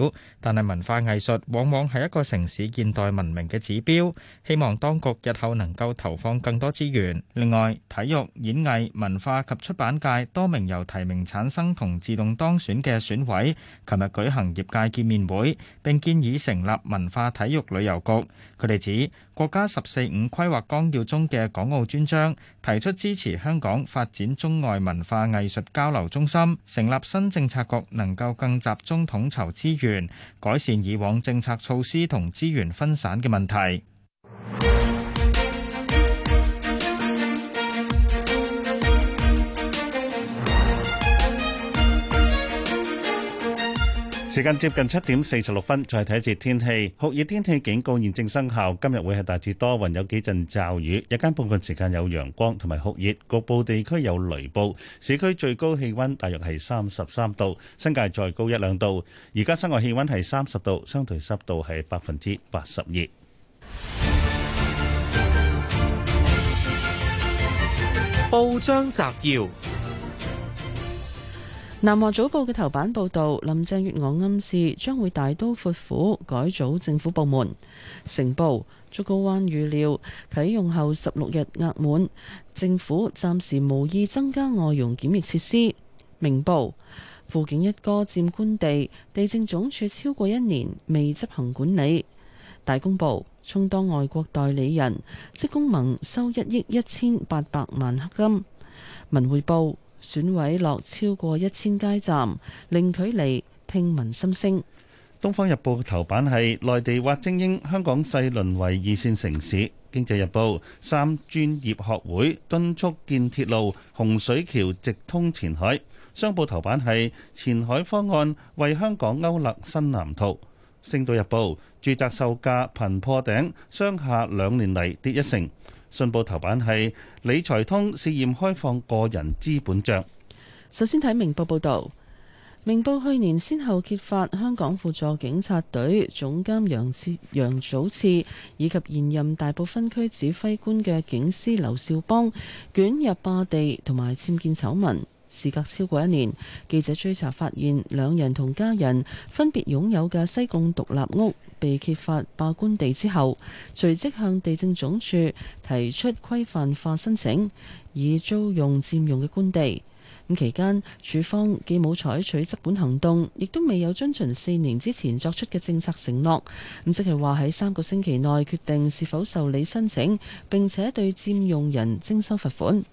但係文化藝術往往係一個城市現代文明嘅指標。希望當局日後能夠投放更多資源。另外，體育、演藝、文化及出版界多名由提名產生同自動當選嘅選委，琴日舉行業界見面會，並建議成立文化體育旅遊局。佢哋指。國家十四五規劃綱要中嘅港澳專章提出支持香港發展中外文化藝術交流中心，成立新政策局，能夠更集中統籌資源，改善以往政策措施同資源分散嘅問題。時間接近七點四十六分，再睇一次天氣。酷熱天氣警告現正生效，今日會係大致多雲，有幾陣驟雨，日間部分時間有陽光同埋酷熱，局部地區有雷暴。市區最高氣溫大約係三十三度，新界再高一兩度。而家室外氣溫係三十度，相對濕度係百分之八十二。報章摘要。南華早報嘅頭版報道，林鄭月娥暗示將會大刀闊斧改組政府部門。成報竹篙灣預料啟用後十六日額滿，政府暫時無意增加外傭檢疫設施。明報輔警一哥佔官地，地政總署超過一年未執行管理。大公報充當外國代理人，職工盟收一億一千八百萬黑金。文匯報。選委落超過一千街站，零距離聽民心聲。《東方日報》頭版係內地挖精英，香港勢淪為二線城市。《經濟日報》三專業學會敦促建鐵路，洪水橋直通前海。商報頭版係前海方案為香港勾勒新藍圖。《星島日報》住宅售價頻破頂，商廈兩年嚟跌一成。信報頭版係理財通試驗開放個人資本賬。首先睇明報報道，明報去年先後揭發香港輔助警察隊總監楊次楊祖次以及現任大埔分區指揮官嘅警司劉少邦捲入霸地同埋僭建醜聞。時隔超過一年，記者追查發現，兩人同家人分別擁有嘅西貢獨立屋被揭發霸官地之後，隨即向地政總署提出規範化申請，以租用佔用嘅官地。咁期間，署方既冇採取執管行動，亦都未有遵循四年之前作出嘅政策承諾。咁即係話喺三個星期內決定是否受理申請，並且對佔用人徵收罰款。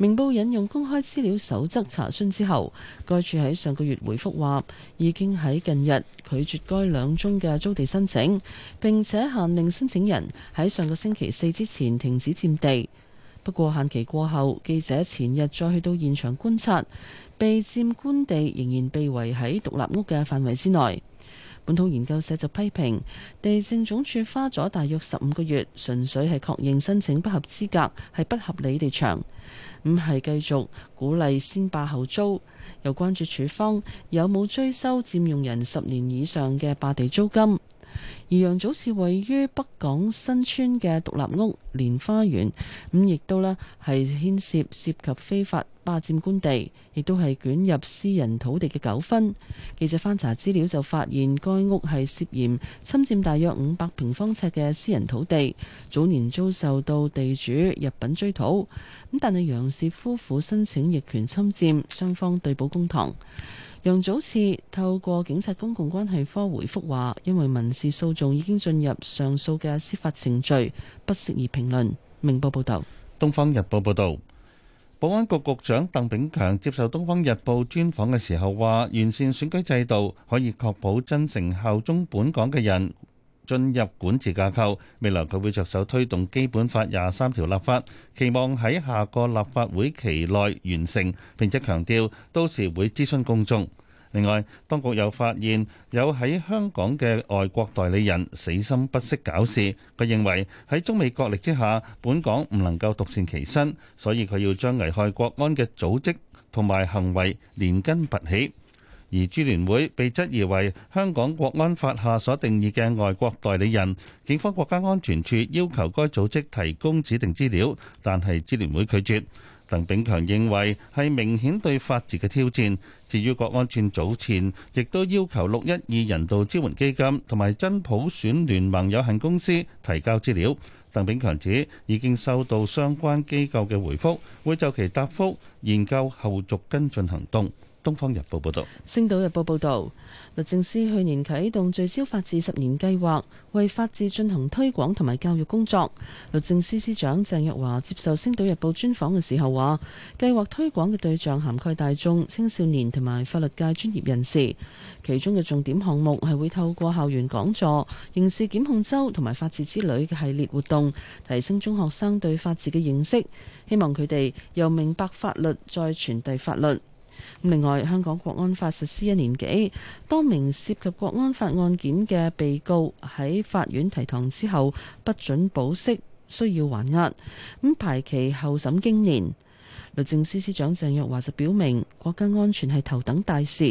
明報引用公開資料守則查詢之後，該處喺上個月回覆話，已經喺近日拒絕該兩宗嘅租地申請，並且限令申請人喺上個星期四之前停止佔地。不過限期過後，記者前日再去到現場觀察，被佔官地仍然被圍喺獨立屋嘅範圍之內。本土研究社就批評地政總署花咗大約十五個月，純粹係確認申請不合資格，係不合理地長，咁係繼續鼓勵先霸後租，又關注署方有冇追收佔用人十年以上嘅霸地租金。而陽祖是位於北港新村嘅獨立屋連花園，咁亦都呢係牽涉涉及非法霸佔官地，亦都係捲入私人土地嘅糾紛。記者翻查資料就發現，該屋係涉嫌侵佔大約五百平方尺嘅私人土地，早年遭受到地主入稟追討。咁但係楊氏夫婦申請逆權侵佔，雙方對簿公堂。楊祖士透過警察公共關係科回覆話，因為民事訴訟已經進入上訴嘅司法程序，不適宜評論。明報報道：東方日報報道。保安局局長鄧炳強接受《東方日報》專訪嘅時候話，完善選舉制度可以確保真誠效忠本港嘅人進入管治架構。未來佢會着手推動《基本法》廿三條立法，期望喺下個立法會期內完成，並且強調到時會諮詢公眾。另外，當局又發現有喺香港嘅外國代理人死心不息搞事。佢認為喺中美角力之下，本港唔能夠獨善其身，所以佢要將危害國安嘅組織同埋行為連根拔起。而支聯會被質疑為香港國安法下所定義嘅外國代理人，警方國家安全處要求該組織提供指定資料，但係支聯會拒絕。鄧炳強認為係明顯對法治嘅挑戰。至於國安處早前亦都要求六一二人道支援基金同埋真普選聯盟有限公司提交資料，鄧炳強指已經收到相關機構嘅回覆，會就其答覆研究後續跟進行動。《東方日報》報道。《星島日報》報道。律政司去年啟動聚焦法治十年計劃，為法治進行推廣同埋教育工作。律政司司長鄭若驊接受《星島日報》專訪嘅時候話，計劃推廣嘅對象涵蓋大眾、青少年同埋法律界專業人士。其中嘅重點項目係會透過校園講座、刑事檢控周同埋法治之旅嘅系列活動，提升中學生對法治嘅認識，希望佢哋由明白法律，再傳遞法律。另外，香港國安法實施一年幾，多名涉及國安法案件嘅被告喺法院提堂之後，不准保釋，需要還押。咁排期候審經年，律政司司長鄭若驊就表明，國家安全係頭等大事。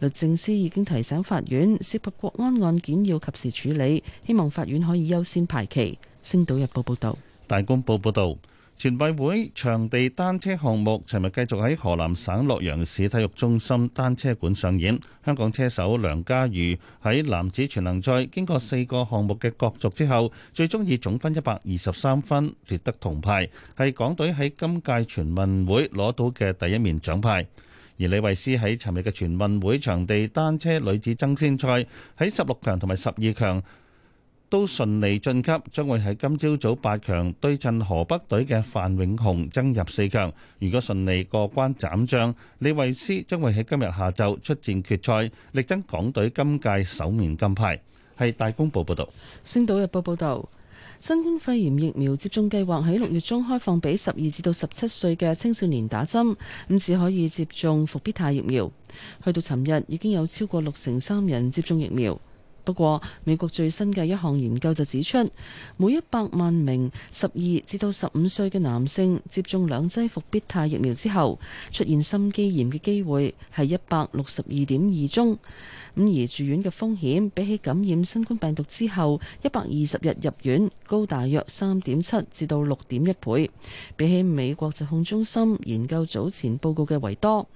律政司已經提醒法院，涉及國安案件要及時處理，希望法院可以優先排期。星島日報報道。大公報報道。全運會場地單車項目尋日繼續喺河南省洛陽市體育中心單車館上演。香港車手梁家瑜喺男子全能賽經過四個項目嘅角逐之後，最終以總分一百二十三分奪得銅牌，係港隊喺今屆全運會攞到嘅第一面獎牌。而李慧詩喺尋日嘅全運會場地單車女子爭先賽，喺十六強同埋十二強。在16強和12強都順利晉級，將會喺今朝早八強對陣河北隊嘅范永雄爭入四強。如果順利過關斬將，李慧詩將會喺今日下晝出戰決賽，力爭港隊今屆首面金牌。係大公報報道。《星島日報》報道，新冠肺炎疫苗接種計劃喺六月中開放俾十二至到十七歲嘅青少年打針，咁只可以接種復必泰疫苗。去到尋日已經有超過六成三人接種疫苗。不過，美國最新嘅一項研究就指出，每一百萬名十二至到十五歲嘅男性接種兩劑復必泰疫苗之後，出現心肌炎嘅機會係一百六十二點二宗。咁而住院嘅風險比起感染新冠病毒之後一百二十日入院高大約三點七至到六點一倍，比起美國疾控中心研究早前報告嘅為多。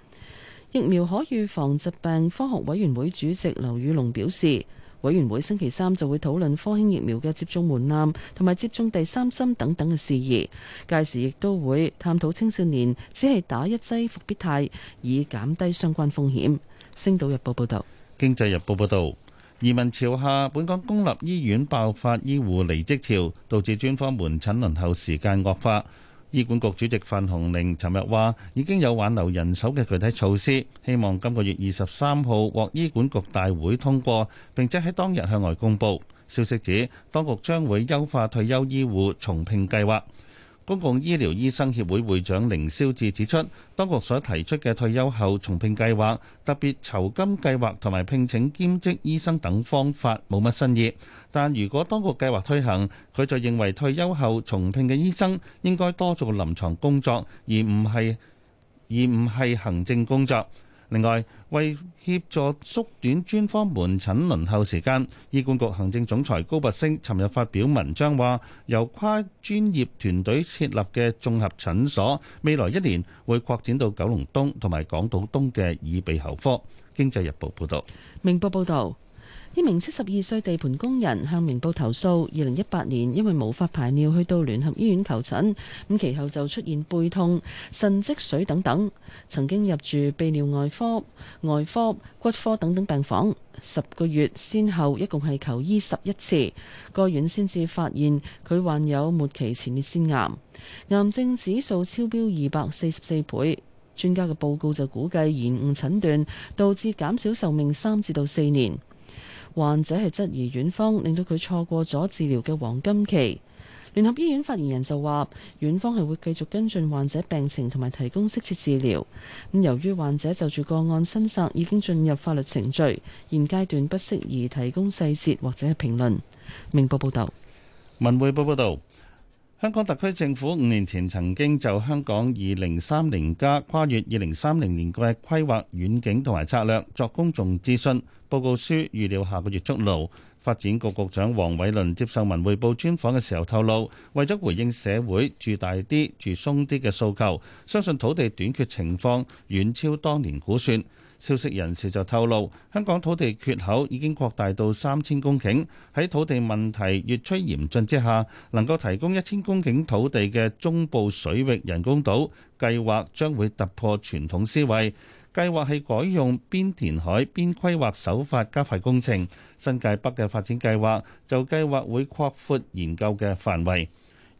疫苗可預防疾病科學委員會主席劉宇龍表示。委員會星期三就會討論科興疫苗嘅接種門檻同埋接種第三針等等嘅事宜，屆時亦都會探討青少年只係打一劑復必泰，以減低相關風險。星島日報報道：經濟日報報道，移民潮下，本港公立醫院爆發醫護離職潮，導致專科門診輪候時間惡化。醫管局主席范鴻齡尋日話，已經有挽留人手嘅具體措施，希望今個月二十三號獲醫管局大會通過，並且喺當日向外公布。消息指當局將會優化退休醫護重聘計劃。公共醫療醫生協會會長凌霄智指出，當局所提出嘅退休後重聘計劃、特別酬金計劃同埋聘請兼職醫生等方法，冇乜新意。但如果當局計劃推行，佢就認為退休後重聘嘅醫生應該多做臨床工作，而唔係而唔係行政工作。另外，為協助縮短專科門診輪候時間，醫管局行政總裁高拔升尋日發表文章話，由跨專業團隊設立嘅綜合診所，未來一年會擴展到九龍東同埋港島東嘅耳鼻喉科。經濟日報報道。明報報導。一名七十二歲地盤工人向明報投訴，二零一八年因為無法排尿，去到聯合醫院求診。咁其後就出現背痛、腎積水等等，曾經入住泌尿外科、外科、骨科等等病房十個月，先後一共係求醫十一次。該院先至發現佢患有末期前列腺癌，癌症指數超標二百四十四倍。專家嘅報告就估計，延誤診斷導致減少壽命三至到四年。患者係質疑院方，令到佢錯過咗治療嘅黃金期。聯合醫院發言人就話，院方係會繼續跟進患者病情同埋提供適切治療。咁由於患者就住個案申索已經進入法律程序，現階段不適宜提供細節或者係評論。明報報道。文匯報報道。香港特區政府五年前曾經就香港二零三零加跨越二零三零年嘅規劃、遠景同埋策略作公眾諮詢。報告書預料下個月出爐。發展局局長黃偉綸接受文匯報專訪嘅時候透露，為咗回應社會住大啲、住鬆啲嘅訴求，相信土地短缺情況遠超當年估算。消息人士就透露，香港土地缺口已經擴大到三千公頃，喺土地問題越趨嚴峻之下，能夠提供一千公頃土地嘅中部水域人工島計劃將會突破傳統思維，計劃係改用邊填海邊規劃手法加快工程。新界北嘅發展計劃就計劃會擴闊研究嘅範圍。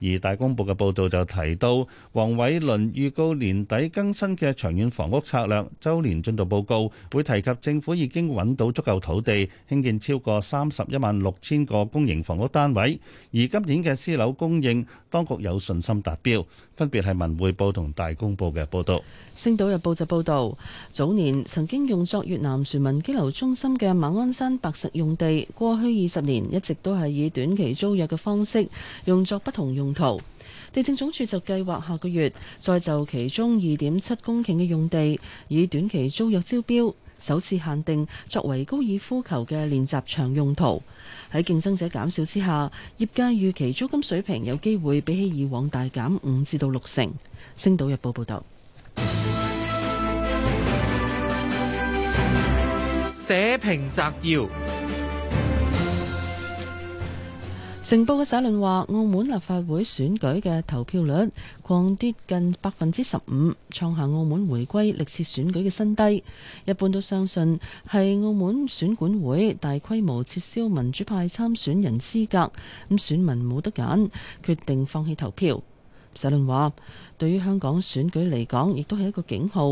而大公報嘅報導就提到，黃偉綸預告年底更新嘅長遠房屋策略週年進度報告會提及，政府已經揾到足夠土地興建超過三十一萬六千個公營房屋單位，而今年嘅私樓供應當局有信心達標。分別係文匯報同大公報嘅報導。星島日報就報導，早年曾經用作越南船民羈留中心嘅馬鞍山白石用地，過去二十年一直都係以短期租約嘅方式用作不同用圖，地政總署就計劃下個月再就其中二點七公頃嘅用地以短期租約招標，首次限定作為高爾夫球嘅練習場用途。喺競爭者減少之下，業界預期租金水平有機會比起以往大減五至到六成。星島日報報道。社評摘要。成報嘅社論話，澳門立法會選舉嘅投票率狂跌近百分之十五，創下澳門回歸歷次選舉嘅新低。一般都相信係澳門選管會大規模撤銷民主派參選人資格，咁選民冇得揀，決定放棄投票。社論話，對於香港選舉嚟講，亦都係一個警號。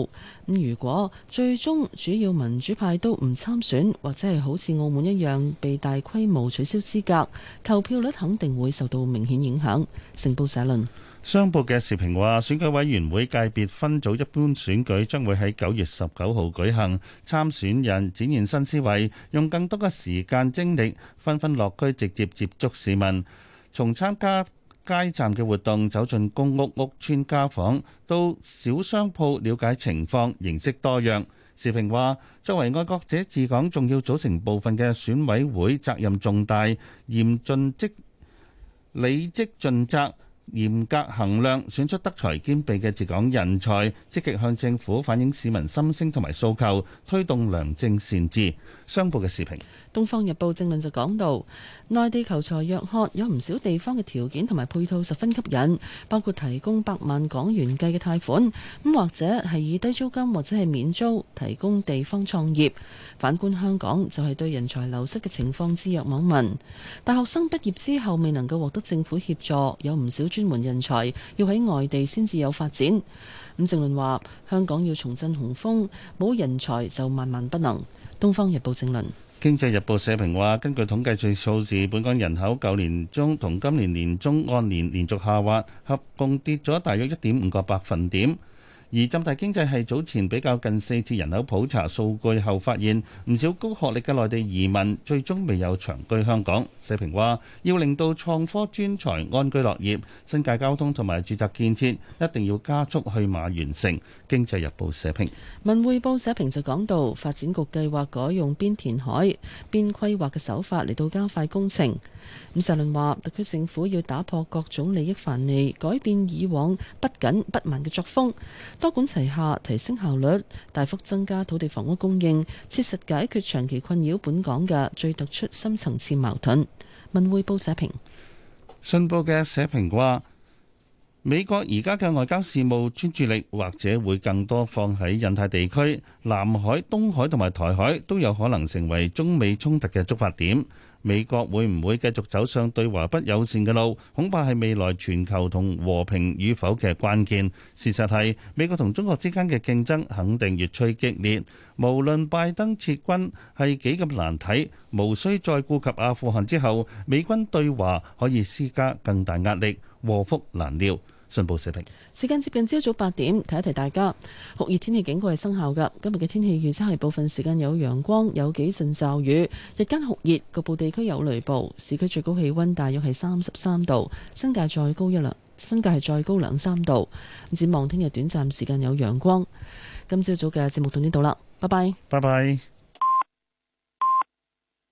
咁如果最終主要民主派都唔參選，或者係好似澳門一樣被大規模取消資格，投票率肯定會受到明顯影響。成報社論，商報嘅時評話，選舉委員會界別分組一般選舉將會喺九月十九號舉行，參選人展現新思維，用更多嘅時間精力，紛紛落區直接接觸市民，從參加。街站嘅活動，走進公屋屋邨家訪，到小商鋪了解情況，形式多樣。時評話：作為愛國者治港重要組成部分嘅選委會，責任重大，嚴盡職履職盡責，嚴格衡量選出德才兼備嘅治港人才，積極向政府反映市民心聲同埋訴求，推動良政善治。商報嘅時評。《東方日報》政論就講到，內地求才若渴，有唔少地方嘅條件同埋配套十分吸引，包括提供百萬港元計嘅貸款，咁或者係以低租金或者係免租提供地方創業。反觀香港，就係對人才流失嘅情況置若罔聞。大學生畢業之後未能夠獲得政府協助，有唔少專門人才要喺外地先至有發展。咁政論話，香港要重振雄風，冇人才就萬萬不能。《東方日報》政論。經濟日報社評話，根據統計處數字，本港人口舊年中同今年年中按年連續下滑，合共跌咗大約一點五個百分點。而浸大經濟系早前比較近四次人口普查數據後，發現唔少高學歷嘅內地移民最終未有長居香港。社評話：要令到創科專才安居樂業，新界交通同埋住宅建設一定要加速去馬完成。經濟日報社評。文匯報社評就講到，發展局計劃改用邊填海邊規劃嘅手法嚟到加快工程。伍拾倫話：特區政府要打破各種利益藩籬，改變以往不緊不慢嘅作風，多管齊下，提升效率，大幅增加土地房屋供應，切實解決長期困擾本港嘅最突出深層次矛盾。文匯報社評，信報嘅社評話：美國而家嘅外交事務專注力或者會更多放喺印太地區、南海、東海同埋台海，都有可能成為中美衝突嘅觸發點。美國會唔會繼續走上對華不友善嘅路，恐怕係未來全球同和平與否嘅關鍵。事實係美國同中國之間嘅競爭肯定越趨激烈，無論拜登撤軍係幾咁難睇，無需再顧及阿富汗之後，美軍對華可以施加更大壓力，禍福難料。信報社評，時間接近朝早八點，提一提大家酷熱天氣警告係生效嘅。今日嘅天氣預測係部分時間有陽光，有幾陣驟雨，日間酷熱，局部地區有雷暴。市區最高氣温大約係三十三度，新界再高一兩，新界係再高兩三度。展望聽日短暫時間有陽光。今朝早嘅節目到呢度啦，拜拜，拜拜。